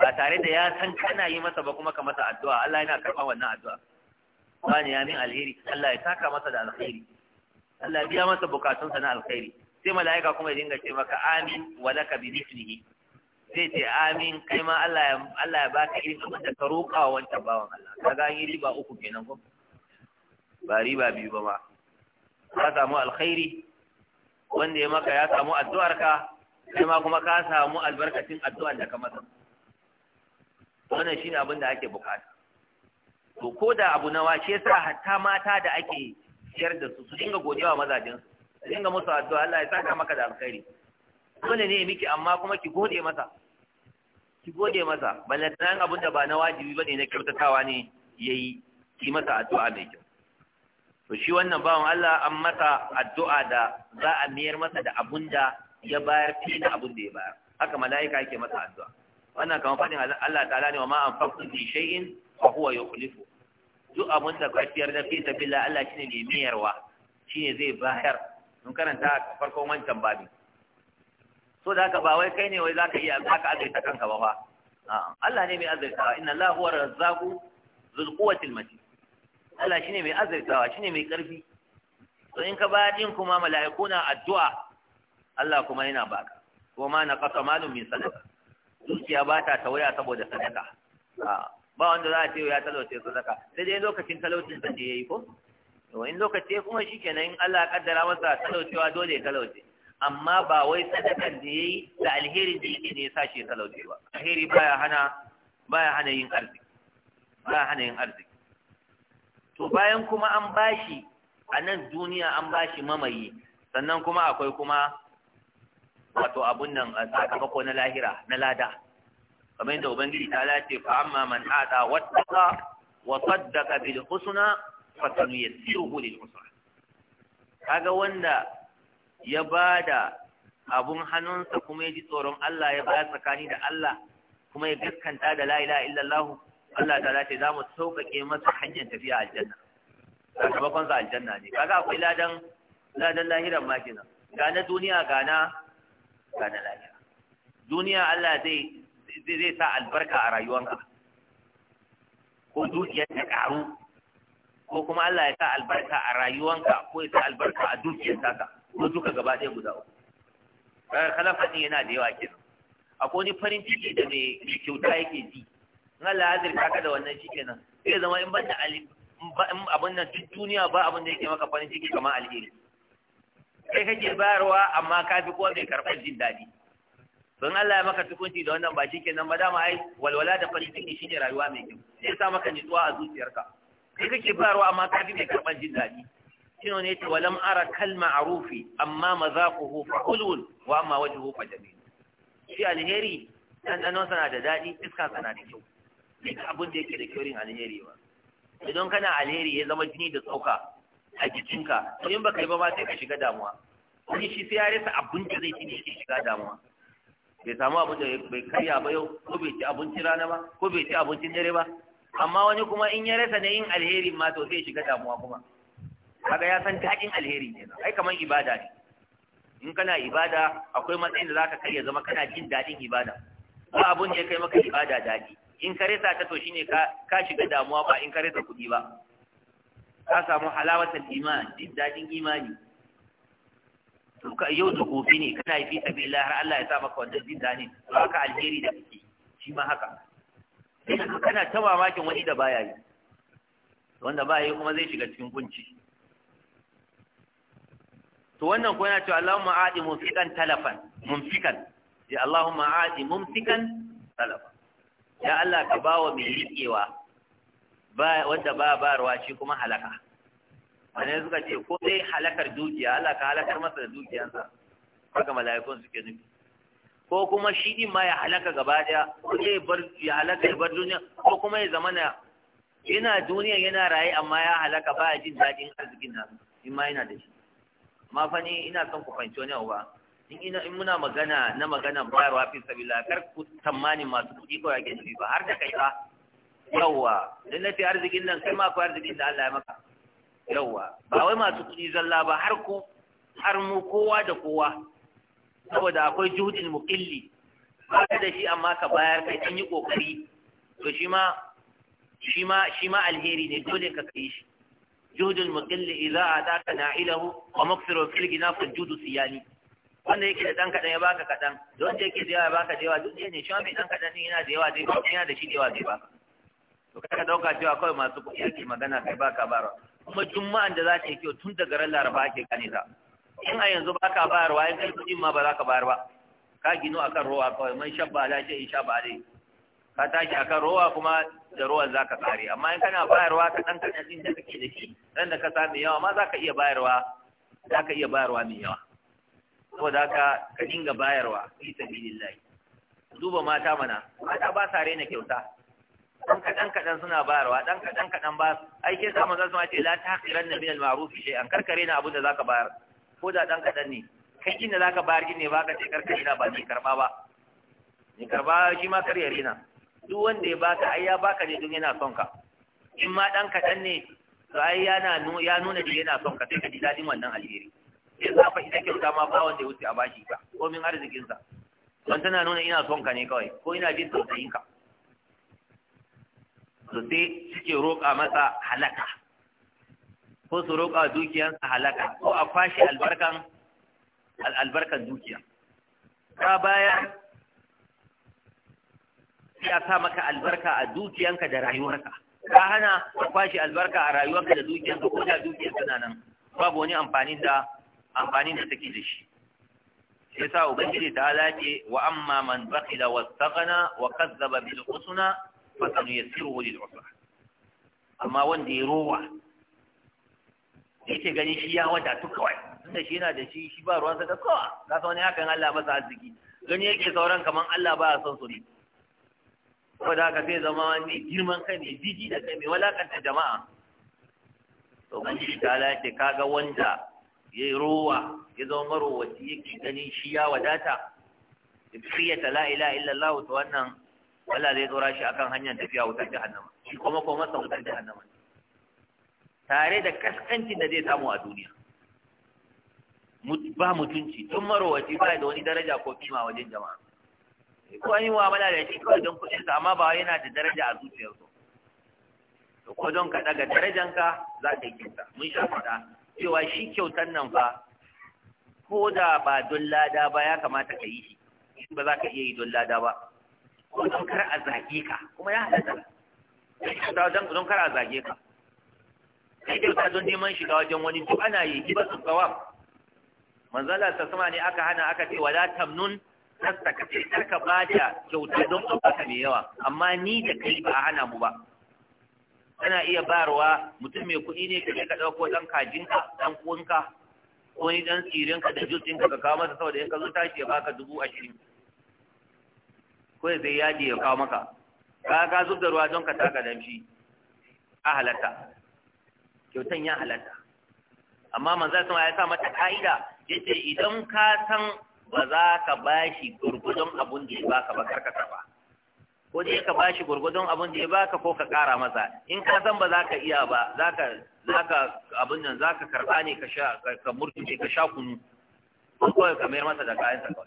ba tare da ya san kana yi masa ba kuma ka masa addu'a Allah yana karɓa wannan addu'a ne ya min alheri Allah ya saka masa da alkhairi Allah biya masa bukatunsa na alkhairi sai mala'ika kuma ya dinga ce maka amin wa laka bi mithlihi sai ce amin kai ma Allah ya Allah ya baka irin abin da ka roƙa wa wancan bawan Allah kaga an yi riba uku kenan ko ba riba biyu ba ma ka samu alkhairi wanda ya maka ya samu addu'ar ka sai ma kuma ka samu albarkacin addu'ar da ka masa wannan shine abin da ake bukata to ko da abu na wace yasa hatta mata da ake ciyar da su su dinga godewa mazajen su su dinga musu addu'a Allah ya saka maka da alkhairi dole ne miki amma kuma ki gode masa ki gode masa ballantan abin da ba na wajibi bane na kyautatawa ne yayi ki masa addu'a mai kyau to shi wannan bawan Allah an masa addu'a da za a miyar masa da abun da ya bayar fi da abun da ya bayar haka mala'ika yake masa addu'a wannan kamar fadin Allah ta'ala ne wa ma anfaqtu bi shay'in fa huwa yukhlifu duk abun da ka fiyar da fi sabilillah Allah shine mai miyarwa shine zai bayar mun karanta farkon wancan babin so da haka ba wai kai ne wai zaka iya zaka azaita kanka ba fa Allah ne mai azaita inna Allah huwa razzaqu dhul quwwati matin Allah shine mai azurtawa shine mai ƙarfi. to in ka ba din kuma mala'iku na addu'a Allah kuma yana baka kuma na ƙasa malum min sadaka dukiya ba ta tawaya saboda sadaka ba wanda za a ce ya talauce sadaka sai dai lokacin talaucin sa ya yayi ko to in lokaci kuma shikenan in Allah ya kaddara masa talaucewa dole ya talauce amma ba wai sadakan da yayi da alheri da yake ne sa shi talauce ba alheri baya hana baya hana yin arziki baya hana yin arziki to bayan kuma an bashi a nan duniya an bashi mamayi sannan kuma akwai kuma wato abun nan a sakamako na lahira na lada kamar yadda ubangiji ta lace fa amma man ada wattaqa wa saddaqa bil husna fa sanuyassiruhu lil usra kaga wanda ya bada abun hannunsa kuma ya ji tsoron Allah ya ba tsakani da Allah kuma ya gaskanta da la ilaha illallah Allah ta ce za mu sauƙaƙe masa hanyar tafiya aljanna sakamakon sa aljanna ne kaga akwai ladan ladan lahiran ma kenan ga na duniya ga na ga na lahira duniya Allah zai zai sa albarka a rayuwanka ko dukiyar ta karu ko kuma Allah ya sa albarka a rayuwanka ko ya sa albarka a dukiyar ka. ko duka gaba ɗaya guda uku kaga kalafa yana da yawa kenan akwai wani farin ciki da mai kyauta yake ji na Allah ya ka da wannan shikenan sai zama in banda alif abin nan duk duniya ba abin da yake maka farin ciki kamar alheri kai kake bayarwa amma ka fi kowa mai karɓar jin daɗi don Allah ya maka tukunci da wannan ba shi kenan ba dama ai walwala da farin ciki shine rayuwa mai kyau sai sa maka nutsuwa a zuciyarka kai kake bayarwa amma ka fi mai karɓar jin daɗi shine ne ta walam ara kal ma'rufi amma mazaquhu fa hulul wa amma wajhuhu fa jamil shi alheri dan dan sana da daɗi iska sana da kyau duk abin da yake da kyaurin alheri ba idan kana alheri ya zama jini da tsauka a jikinka to in baka yi ba ma sai ka shiga damuwa wani shi sai ya rasa abin da zai ci shi shiga damuwa bai samu abin da bai karya ba yau ko bai ci abincin rana ba ko bai ci abincin dare ba amma wani kuma in ya rasa na yin alheri ma to sai shiga damuwa kuma kaga ya san daɗin alheri ne ai kamar ibada ne in kana ibada akwai matsayin da zaka karya zama kana jin daɗin ibada ba abin da ya kai maka ibada daɗi in ka resa ta to shine ka ka shiga damuwa ba in ka resa kuɗi ba ka samu halawatul iman din dadin imani to ka yau da kofi ne kana yi fi sabilillah har Allah ya sa maka wannan din dadin to haka alheri da kike shi ma haka sai kana ta mamakin wani da baya yi wanda ba yi kuma zai shiga cikin kunci to wannan ko yana cewa Allahumma aadi mumfikan talafan mumfikan ya Allahumma aadi mumfikan talafan ya Allah ka bawa mai riƙewa ba wanda ba barwa shi kuma halaka wanda suka ce ko dai halakar dukiya Allah ka halakar masa da dukiyansa haka mala'ikun suke nufi ko kuma shi din ma ya halaka gaba daya ko dai bar ya halaka ya bar duniya ko kuma ya zama na? yana duniya yana raye amma ya halaka ba ya jin daɗin arzikin nan in ma yana da shi amma fa ni ina son ku fahimci wani abu ba in ina in muna magana na magana bayarwa fi sabila kar ku tsammani masu kuɗi ko yake nufi ba har da kai ba yawwa dan nafi arzikin nan kai ma ku arzikin da Allah ya maka yawwa ba wai masu kuɗi zalla ba har ku har mu kowa da kowa saboda akwai juhudin muqilli ba ka da shi amma ka bayar kai an yi kokari to shi ma shi ma shi ma alheri ne dole ka kai shi juhudul muqilli idza ataka na'ilahu wa maghfiru fil gina fa siyani wanda yake da dan kadan ya baka kadan da wanda yake da yawa ya baka da yawa duk ne shi mai dan kadan ne yana da yawa dai yana da shi da yawa zai baka to ka dauka cewa kawai masu kuɗi ake magana kai baka bara kuma juma'an da za ta yi kyau tun daga ran laraba ake kanisa. ta in a yanzu baka bayarwa in kai kuɗin ma ba za ka bayar ba ka gino akan rowa kawai man shabba ala shi in ba dai ka tashi akan rowa kuma da rowa za ka kare amma in kana bayarwa ka dan kadan, din da kake da shi dan da ka sami yawa ma za ka iya bayarwa za ka iya bayarwa mai yawa saboda haka ka dinga bayarwa fi sabilillah duba mata mana mata ba sa rena kyauta dan kadan kadan suna bayarwa dan kadan kadan ba ai ke sa manzo sun ce la taqiranna min al-ma'ruf an karkare na abin da zaka bayar ko da dan kadan ne kai da zaka bayar ne ba ka ce karkare na ba ni karba ba ni karba shi ma karya rena duk wanda ya baka ai ya baka ne don yana son ka in ma dan kadan ne to ai yana ya nuna da yana son ka sai ka ji dadin wannan alheri ya za fa ita kyauta ma ba wanda ya wuce a bashi ka komin arzikinsa don tana nuna ina son ka ne kawai ko ina jin tausayin ka su sai suke roƙa masa halaka ko su roƙa dukiyansa halaka ko a kwashe albarkan albarkan dukiya ka bayan sai a sa maka albarka a dukiyanka da rayuwarka ka hana a kwashe albarka a rayuwarka da dukiyanka ko da dukiyar na nan babu wani amfani da amfani da take da shi sai sa ubangiji ta alaƙe wa amma man bakhila wastaghana wa kazzaba bil husna fa sanuyassiruhu lil usra amma wanda ya rowa yake ganin shi ya wadatu kawai tunda shi yana da shi shi ba ruwan sa da kawai ka san wani hakan Allah sa arziki gani yake sauran kaman Allah ba son su ne saboda haka sai zama ne girman kai ne jiji da kai mai walakanta jama'a to ubangiji ta alaƙe kaga wanda ya yi rowa ya zama marowaci yake ganin shi ya wadata siyata la ilaha illallah ta wannan wala zai tsora shi akan hanyar tafiya wutar jahannama shi kuma kuma masa wutar jahannama tare da kaskancin da zai samu a duniya ba mutunci tun marowaci ba da wani daraja ko kima wajen jama'a ko an yi wa mala da shi kawai don kuɗin sa amma ba yana da daraja a zuciyarsu to ko don ka daga darajanka za ka yi kinta mun sha faɗa cewa shi kyautan nan fa ko da ba don lada ba ya kamata ka yi shi ba za ka iya yi don lada ba ko don kar a zage ka kuma ya halatta ka don don kar a zage ka kai kyauta don neman shiga wajen wani duk ana yi ki ba su tsawa manzala ta sama ne aka hana aka ce wala tamnun nasta ka ce karka ba da kyauta don ɗaukaka mai yawa amma ni da kai ba a hana mu ba kana iya bayarwa mutum mai kuɗi ne ka ka ɗauko ɗan kajinka ɗan kuwanka ko ni ɗan tsirinka da jirgin ka kawo masa saboda in ka zo tashi ya baka dubu ashirin ko ya zai yaji ya kawo maka ka ka zub da ruwa don ka taka damshi a halatta kyautan ya halatta amma manzo sun ya sa mata ka'ida yace idan ka san ba za ka bashi gurgudun abun da ya baka ba karka ba ko je ka bashi gurgudun abin da ya baka ko ka ƙara masa in ka san ba za ka iya ba za ka za ka abin nan za ka karɓa ne ka sha ka murtuce ka sha kunu ko kawai ka mayar masa da kayan sakawa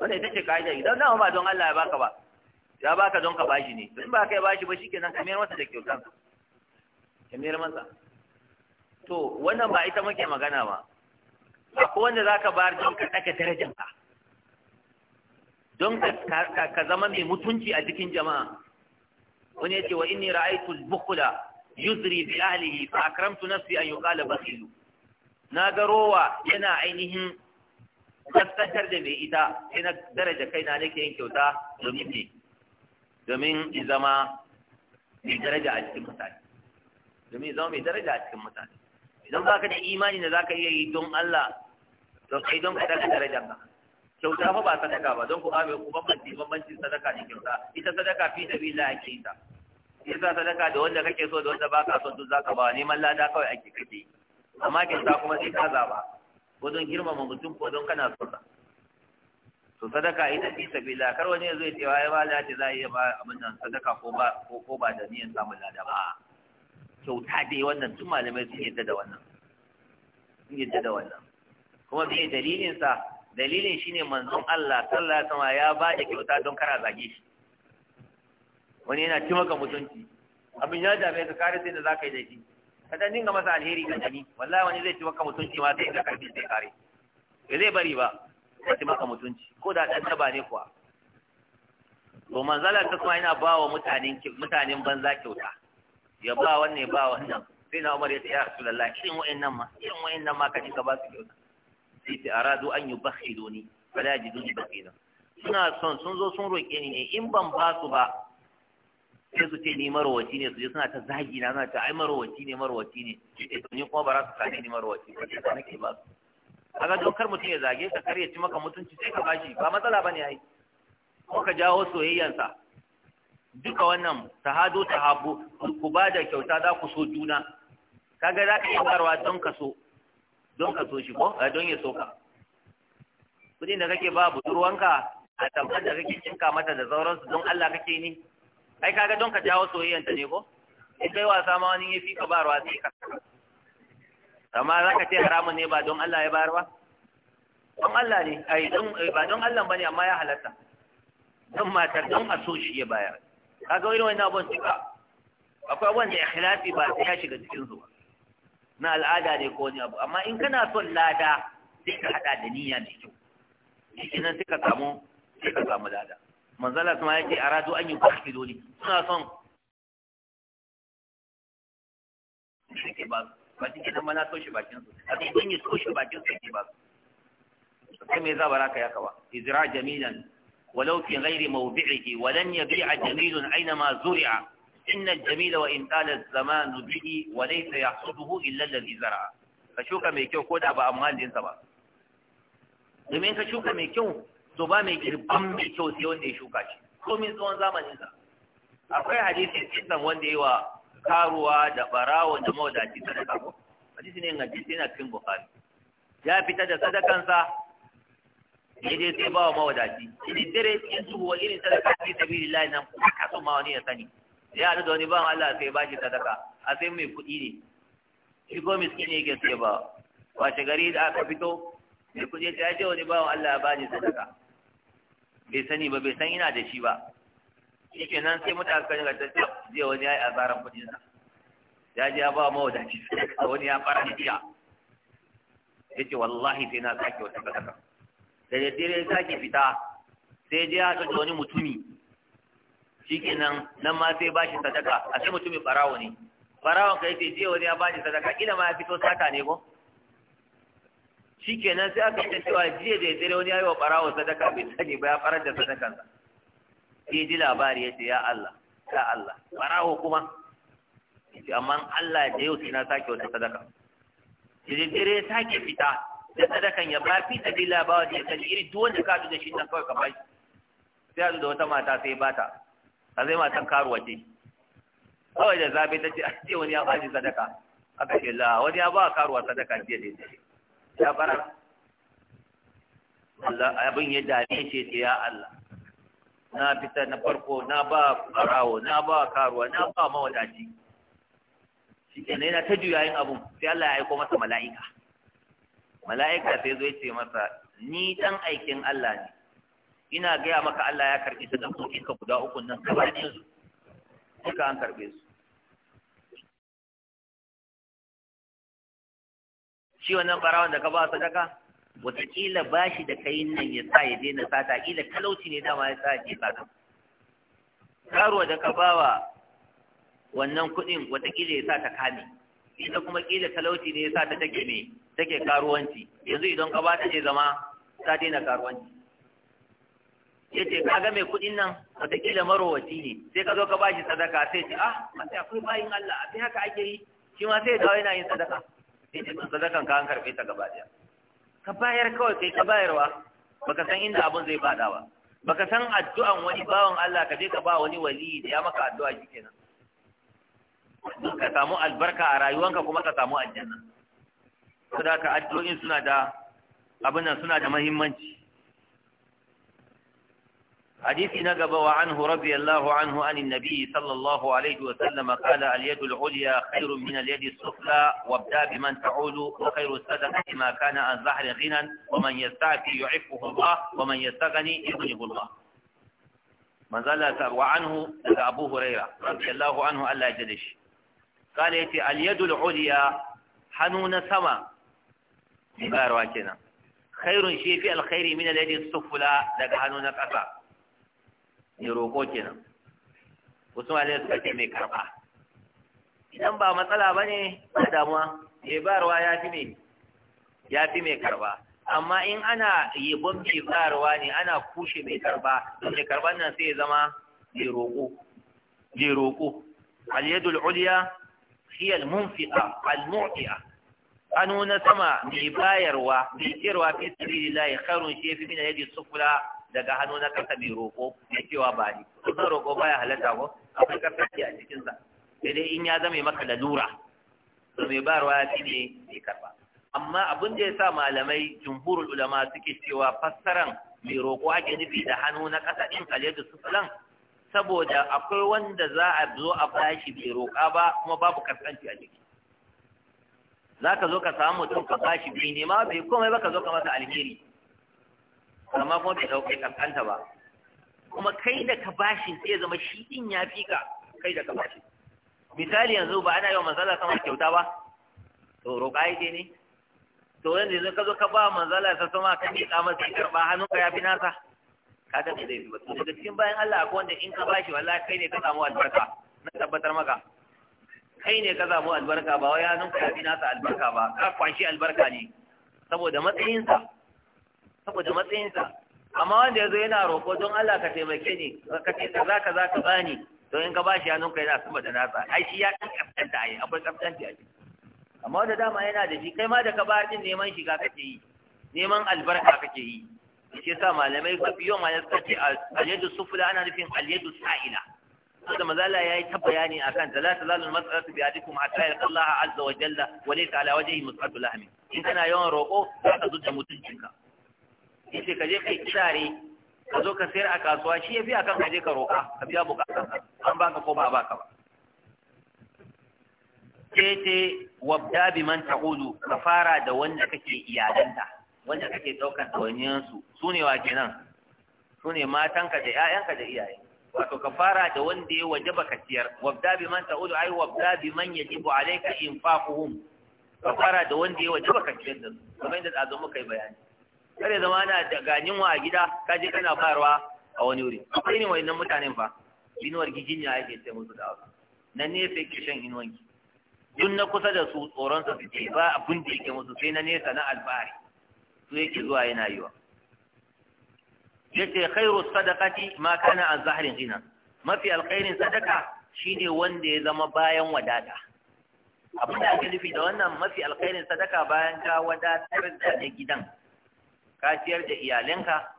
wanda ita ce ka'ida idan nawa ba don Allah ya baka ba ya baka don ka bashi ne in ba ka yi bashi ba shikenan ka mayar masa da kyautan ka mayar masa to wannan ba ita muke magana ba akwai wanda za ka bayar don ka ɗaga darajanka don ka zama mai mutunci a cikin jama'a wani ya ce wa inni ra'aytu al-bukhla yuzri bi ahlihi fa akramtu nafsi an yuqala bakhilu na ga rowa yana ainihin kaskantar da mai ita sai na daraja kaina nake yin kyauta domin ne domin in zama mai daraja a cikin mutane domin in zama mai daraja a cikin mutane idan ba ka da imani da za ka iya yi don Allah to kai don ka daga darajar ka kyauta fa ba sadaka ba don ku ame ku bambanci bambancin sadaka da kyauta ita sadaka fi bi ake yi ta yasa sadaka da wanda kake so da wanda baka so duk zaka ba neman lada kawai ake kake amma kyauta kuma sai ka zaba ko don girmama mutum ko don kana son ta? to sadaka ita fi sabila kar wani zai ce wai ba ce za iya ba abin nan sadaka ko ba ko ko ba da niyan samun lada ba kyauta dai wannan tun malamai sun yadda da wannan sun yadda da wannan kuma me dalilin sa dalilin shi ne manzon Allah sallallahu alaihi wasallam ya ba da kyauta don kana zage shi wani yana ci maka mutunci abin ya dame ka kare sai da zaka yi da shi ka dan dinga masa alheri ka dani wallahi wani zai ci maka mutunci ma sai da karfi sai kare ba zai bari ba ya ci maka mutunci ko da dan taba ne kuwa to sallallahu alaihi wasallam yana ba wa mutanen mutanen banza kyauta ya ba wannan ya ba wannan sai na Umar ya ce ya Rasulullah irin wa'annan ma irin wa'annan ma ka dinga ba su kyauta sai ta aradu an yi bakhiluni fala jiduni bakhila suna son sun zo sun roƙe ni ne in ban ba su ba sai su ce ni marwaci ne su je suna ta zagi na suna ta ai marwaci ne marwaci ne to ni kuma ba za su sami ni marwaci ba sai nake ba su kaga don kar mutum ya zage ka kar ya ci maka mutunci sai ka bashi ba matsala bane ai ko ka jawo soyayyansa duka wannan tahado tahabu ku ba da kyauta za ku so juna kaga za ka iya barwa don ka so don ka so shi ko A eh, don ya so ka kudi da kake ba budurwanka a tamfar da kake cinka mata da sauransu don Allah kake ni ai kaga don ka jawo ta ne ko in kai wasa ma wani ya fi ka barwa sai ka amma za ka ce haramun ne ba don Allah ya bayar ba don Allah ne ai don eh, ba don Allah bane amma ya halatta don matar don a so shi ya bayar kaga irin wannan abun cika akwai wanda ikhlasi ba sai ya shiga cikin zuwa na al'ada ne ko wani abu amma in kana son lada sai ka hada da niyya mai kyau shi nan sai ka samu sai ka samu lada manzala kuma yace aradu an yi kwashi dole suna son ke ba ba cikin nan mana toshe bakin su a cikin yi toshe bakin su ke ba su. kai me zabara ka yaka ba izra jamilan walau fi ghairi mawdi'ihi walan yabi'a jamilun aina ma zuri'a inna jamila wa in tala az-zamanu bihi wa laysa yahsuduhu illa alladhi zara'a ka shuka mai kyau ko da ba amma din sa ba domin ka shuka mai kyau to ba mai girban mai kyau sai wanda ya shuka shi komin tsawon zamanin sa akwai hadisi kisan wanda yayi wa karuwa da barawo da mawadaci sadaka ko hadisi ne hadisi yana cikin bukhari ya fita da sadakansa ya je sai ba wa mawadaci idan dare cikin duhu wa irin sadaka fi sabilillah nan ka so ma wani ya sani ya haɗu da ba ban Allah sai ba shi sadaka a sai mai kuɗi ne shi ko miskini yake sai ba washe gari da aka fito mai kuɗi ya ce wani bawan Allah ba ni sadaka bai sani ba bai san ina da shi ba shi ke nan sai mutane kan ga tattau je wani ya yi asaran kuɗinsa ya je ya ba wa mawadaci wani ya fara ni jiya ya ce wallahi sai na sake wata sadaka da daddare ya sake fita sai je ya haɗu wani mutumi shikenan nan ma sai bashi sadaka a sai mutumin barawo ne barawon kai sai je wani ya bashi sadaka ina ma ya fito sata ne ko nan sai aka ce cewa jiya da dare wani ya yi wa barawo sadaka bai sani ba ya farar da sadakansa sai ji labari ya ce ya Allah ya Allah barawo kuma ce amma Allah da yau sai na sake wata sadaka da dare ya sake fita da sadakan ya ba fi sabila ba wa ya sani iri duk wanda ka da shi nan kawai ka bai sai a da wata mata sai bata a zai matan karuwa ce kawai da zabe ta ce a ce wani ya bashi sadaka aka ce la wani ya ba karuwa sadaka ce ne ya fara Allah abin ya dame ce ce ya Allah na fita na farko na ba barawo na ba karuwa na ba mawadaci shi ke yana ta yin abun sai Allah ya aiko masa mala'ika mala'ika sai zo ya ce masa ni dan aikin Allah ne ina gaya maka Allah ya karbi ta dabbobi ka guda uku nan gaba ɗayan su duka an karbe su shi wannan farawan da ka ba sadaka wataƙila ba shi da kai nan ya sa ya daina sata ƙila talauci ne dama ya sa ya sata karuwa da ka bawa wannan kuɗin wataƙila ya sa ta kame ita kuma ƙila talauci ne ya sa ta take ne take karuwanci yanzu idan ka ba ta ce zama ta daina karuwanci ya ce ka ga mai kuɗin nan wataƙila marowaci ne sai ka zo ka bashi sadaka sai ce ah masu akwai bayin Allah a sai haka ake yi shi ma sai dawo yana yin sadaka sai ce sadakan ka an karɓe ta gaba ɗaya ka bayar kawai kai ka bayarwa baka san inda abin zai faɗa ba baka san addu'an wani bawan Allah ka je ka ba wani wali da ya maka addu'a kenan ka samu albarka a rayuwanka kuma ka samu aljanna saboda ka addu'o'in suna da abin nan suna da muhimmanci حديث نقب وعنه رضي الله عنه عن النبي صلى الله عليه وسلم قال اليد العليا خير من اليد السفلى وابدا بمن تعول وخير الصدقة ما كان عن زهر غنى ومن يستعفي يعفه الله ومن يستغني يغنيه الله من ظل وعنه أبو هريرة رضي الله عنه ألا يجدش قال يتي اليد العليا حنون سما بارواكنا خير شيء في الخير من اليد السفلى لك حنون قصر mai roƙo kenan wasu malai suka ce mai karɓa idan ba matsala ba ne ba damuwa mai barwa ya fi mai ya fi mai karɓa amma in ana yabon bambi barwa ne ana kushe mai karɓa mai karɓar nan sai ya zama mai roƙo mai roƙo aliyadul uliya ulya hiya al-munfiqa al-mu'tiya hannu sama mai bayarwa mai kirwa fi sabilillah khairun shi fi min yadi sufla daga hannu na kasa mai roƙo mai cewa ba ni kusan roƙo baya halatta ko akwai karkashi a cikinsa sai dai in ya zama maka lalura to mai bayarwa ya fi ne mai karɓa. amma abin da ya sa malamai jumhurul ulama suke cewa fassaran mai roƙo ake nufi da hannu na ƙasa in da sufulan saboda akwai wanda za a zo a bashi bai roƙa ba kuma babu kaskanci a jiki za ka zo ka samu mutum ka bashi bai nema bai komai ba ka zo ka masa alheri amma kuma bai dauke kankanta ba kuma kai da ka bashin sai zama shi din ya fi ka kai da ka bashi. misali yanzu ba ana yawan manzala sama kyauta ba to roƙa yake ne to yanzu yanzu ka zo ka ba manzala ta sama ka miƙa masa ya karɓa hannunka ya fi nasa ka ga zai fi ba to daga cikin bayan Allah akwai wanda in ka bashi wallahi kai ne ka samu albarka na tabbatar maka kai ne ka samu albarka ba wai hannunka ya fi nasa albarka ba ka kwashi albarka ne saboda matsayinsa saboda matsayinsa amma wanda ya zo yana roƙo don Allah ka taimake ni ka ce kaza kaza ka bani To in ka bashi hannun ka yana sama da nasa ai shi ya kan kaskanta ai akwai kaskanci a ciki amma wanda dama yana da shi kai ma da ka ba din neman shiga kake yi neman albarka kake yi shi yasa malamai ka biyo malamai suka ce al sufla ana nufin al-yadu sa'ila saboda mazala yayi ta bayani akan ta la tazalu mas'alatu bi adikum hatta yalqa Allah azza wa jalla wa laysa ala wajhihi mus'alatu lahm in kana yawan roƙo za ka zuta mutuncinka ce ka je kai kirare ka zo ka sayar a kasuwa shi ya a kan ka je ka roƙa, ka biya bukatun ka an baka ko ba ka ba kete wabda bi man ta'udu ka fara da wanda kake iyalanta wanda kake daukar dawaniyar su ne wa kenan matan matanka da ka da iyaye wato ka fara da wanda ya waje baka siyar wabda bi man ta'udu ai wabda bi man yajibu alayka infaquhum ka fara da wanda ya waje baka siyar da su kamar yadda azu muka yi bayani kare zama na da ganin wa a gida ka je kana farwa a wani wuri akwai ne wayannan mutanen fa inuwar gijinya ake ce musu da nan na nesa ke shan ki? duk na kusa da su tsoron su ce ba abin da yake musu sai na nesa na alfahari su yake zuwa yana yi wa yace khairu sadaqati ma kana an zahrin ghina mafi alkhairin sadaka shine wanda ya zama bayan wadata abin da ake nufi da wannan mafi alkhairin sadaka bayan ka wadatar da gidan ka ciyar da iyalanka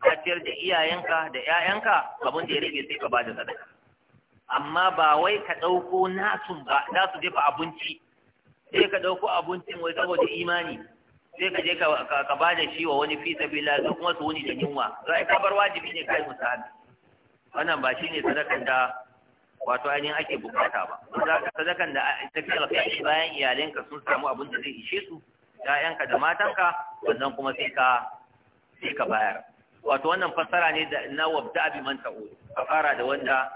ka ciyar da iyayenka da ƴaƴanka abin da ya rage sai ka bada sadaka amma ba wai ka ɗauko nasun ba za su jefa abinci sai ka ɗauko abincin wai saboda imani sai ka je ka ba da shi wa wani fi sabila sai kuma su wuni da yunwa za ka bar wajibi ne kai musahabi wannan ba shine sadakan da wato ainihin ake bukata ba za ka sadakan da ta fi alkhairi bayan iyalinka sun samu abin da zai ishe su ‘ya'yanka da matanka wannan kuma sai ka sai ka bayar wato wannan fassara ne da na wabda bi man ta'ud ka fara da wanda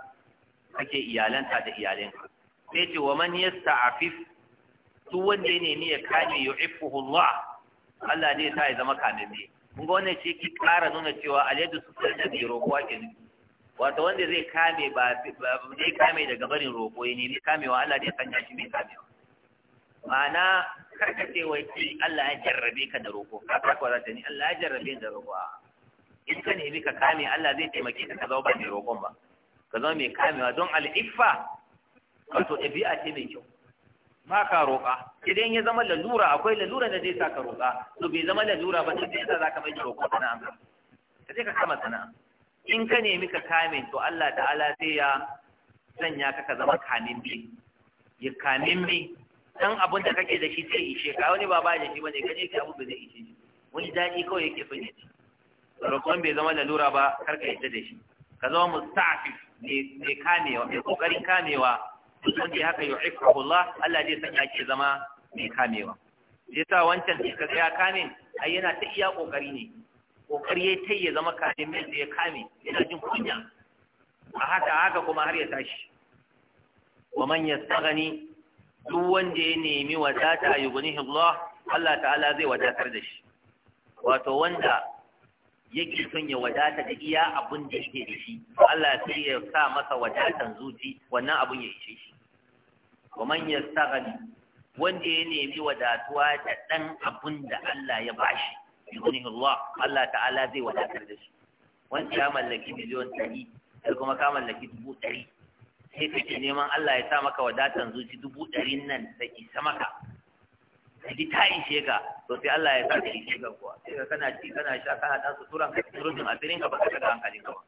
kake iyalanta da iyalinka sai ce wa man yasta'afif duk wanda ya nemi ya kame yu'iffuhu Allah Allah zai sai ya zama kamamme kun ga wannan ce ki kara nuna cewa alyadu sufal da bi roƙo ake nufi wato wanda zai kame ba zai kame daga barin roƙo ya nemi kamewa Allah zai sanya shi mai kamewa ma'ana kar ka ce wai sai Allah ya jarrabe ka da roƙo Ka ko za ta ni Allah ya jarrabe da roƙo in ka nemi ka kame Allah zai taimake ka ka zama ba mai roƙon ba ka zama mai kamewa don al'iffa wato ɗabi'a ce mai kyau ma ka roƙa idan ya zama lalura akwai lalura da zai sa ka roƙa to bai zama lalura ba sai yasa ka mai roƙo sana'a ka je ka kama sana'a in ka nemi ka kame to Allah ta'ala sai ya sanya ka ka zama kamin bi ya kamin bi dan abun da kake da shi sai ishe ka wani ba ba da shi bane kaje ka abu ba zai ishe wani daɗi kawai yake son ya ci roƙon bai zama lalura ba kar ka yadda da shi ka zama musta'fi mai kamewa mai kokarin kamewa ji haka yuhibbu Allah Allah zai sanya ki zama mai kamewa sai sa wancan da kaga ya kame ai yana ta iya kokari ne kokari yayi ta ya zama kame mai da ya kame yana jin kunya a haka haka kuma har ya tashi wa man yastaghni duk wanda ya nemi wadata a yughnihi Allah Allah ta'ala zai wadatar da shi wato wanda yake son ya wadata da iya abun da yake da shi Allah sai ya sa masa wadatan zuci wannan abun ya ishe shi wa man yastaghni wanda ya nemi wadatuwa da ɗan abun da Allah ya bashi yughnihi Allah Allah ta'ala zai wadatar da shi wanda ya mallaki miliyon ɗari, sai kuma ka mallaki dubu ɗari. sai kake neman Allah ya sa maka wadatan zuci dubu ɗari nan da isa maka ka ta ishe ka to sai Allah ya sa ka ishe ka kuwa sai ka kana ci kana sha kana dan suturan ka surutun asirin ka ba ka ga hankalin ka ba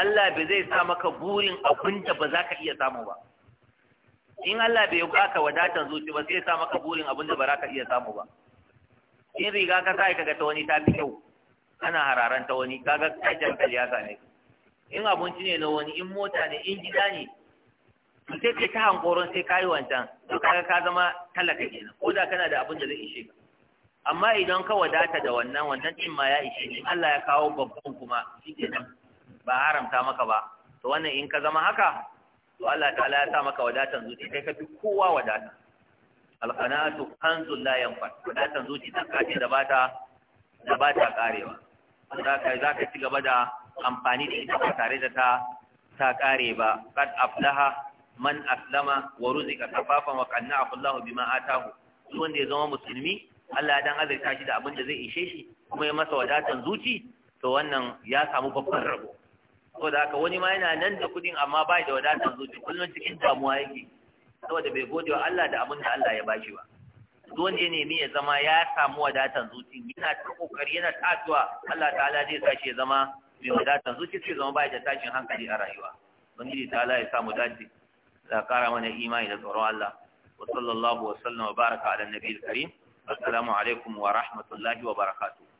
Allah bai zai sa maka burin abin da ba za ka iya samu ba in Allah bai ka wadatan zuci ba sai ya sa maka burin abin da ba za ka iya samu ba in riga ka sa ka ga ta wani ta fi kyau kana hararan ta wani kaga kajan ya same ka in abinci ne na wani in mota ne in gida ne to sai kai ta hankoron sai kayi wancan to kaga ka zama talaka kenan ko da kana da abin da zai ishe ka amma idan ka wadata da wannan wannan din ma ya ishe ni Allah ya kawo babban kuma nan ba haramta maka ba to wannan in ka zama haka to Allah ta'ala ya sa maka wadatan zuci kai ka fi kowa wadata alqanatu kanzul la yanfat wadatan zuci ta kace da bata da bata karewa za ka za ka ci gaba da amfani da ita ba tare da ta ta kare ba kad aflaha man aslama wa ruzika kafafan wa qanna'ahu Allahu bima atahu wanda ya zama musulmi Allah ya dan azurta shi da abin da zai ishe shi kuma ya masa wadatan zuci to wannan ya samu babban rabo ko da haka wani ma yana nan da kudin amma ba da wadatan zuci kullum cikin damuwa yake saboda bai gode wa Allah da abin da Allah ya bashi ba duk wanda ya nemi ya zama ya samu wadatan zuci yana ta kokari yana ta Allah ta'ala zai sa ya zama mai wadatan zuci sai zama baya da tashin hankali a rayuwa bangiji ta Allah ya samu dace da kara mana imani da tsoron Allah wa sallallahu wa sallama baraka ala nabiyil karim assalamu alaikum wa rahmatullahi wa barakatuh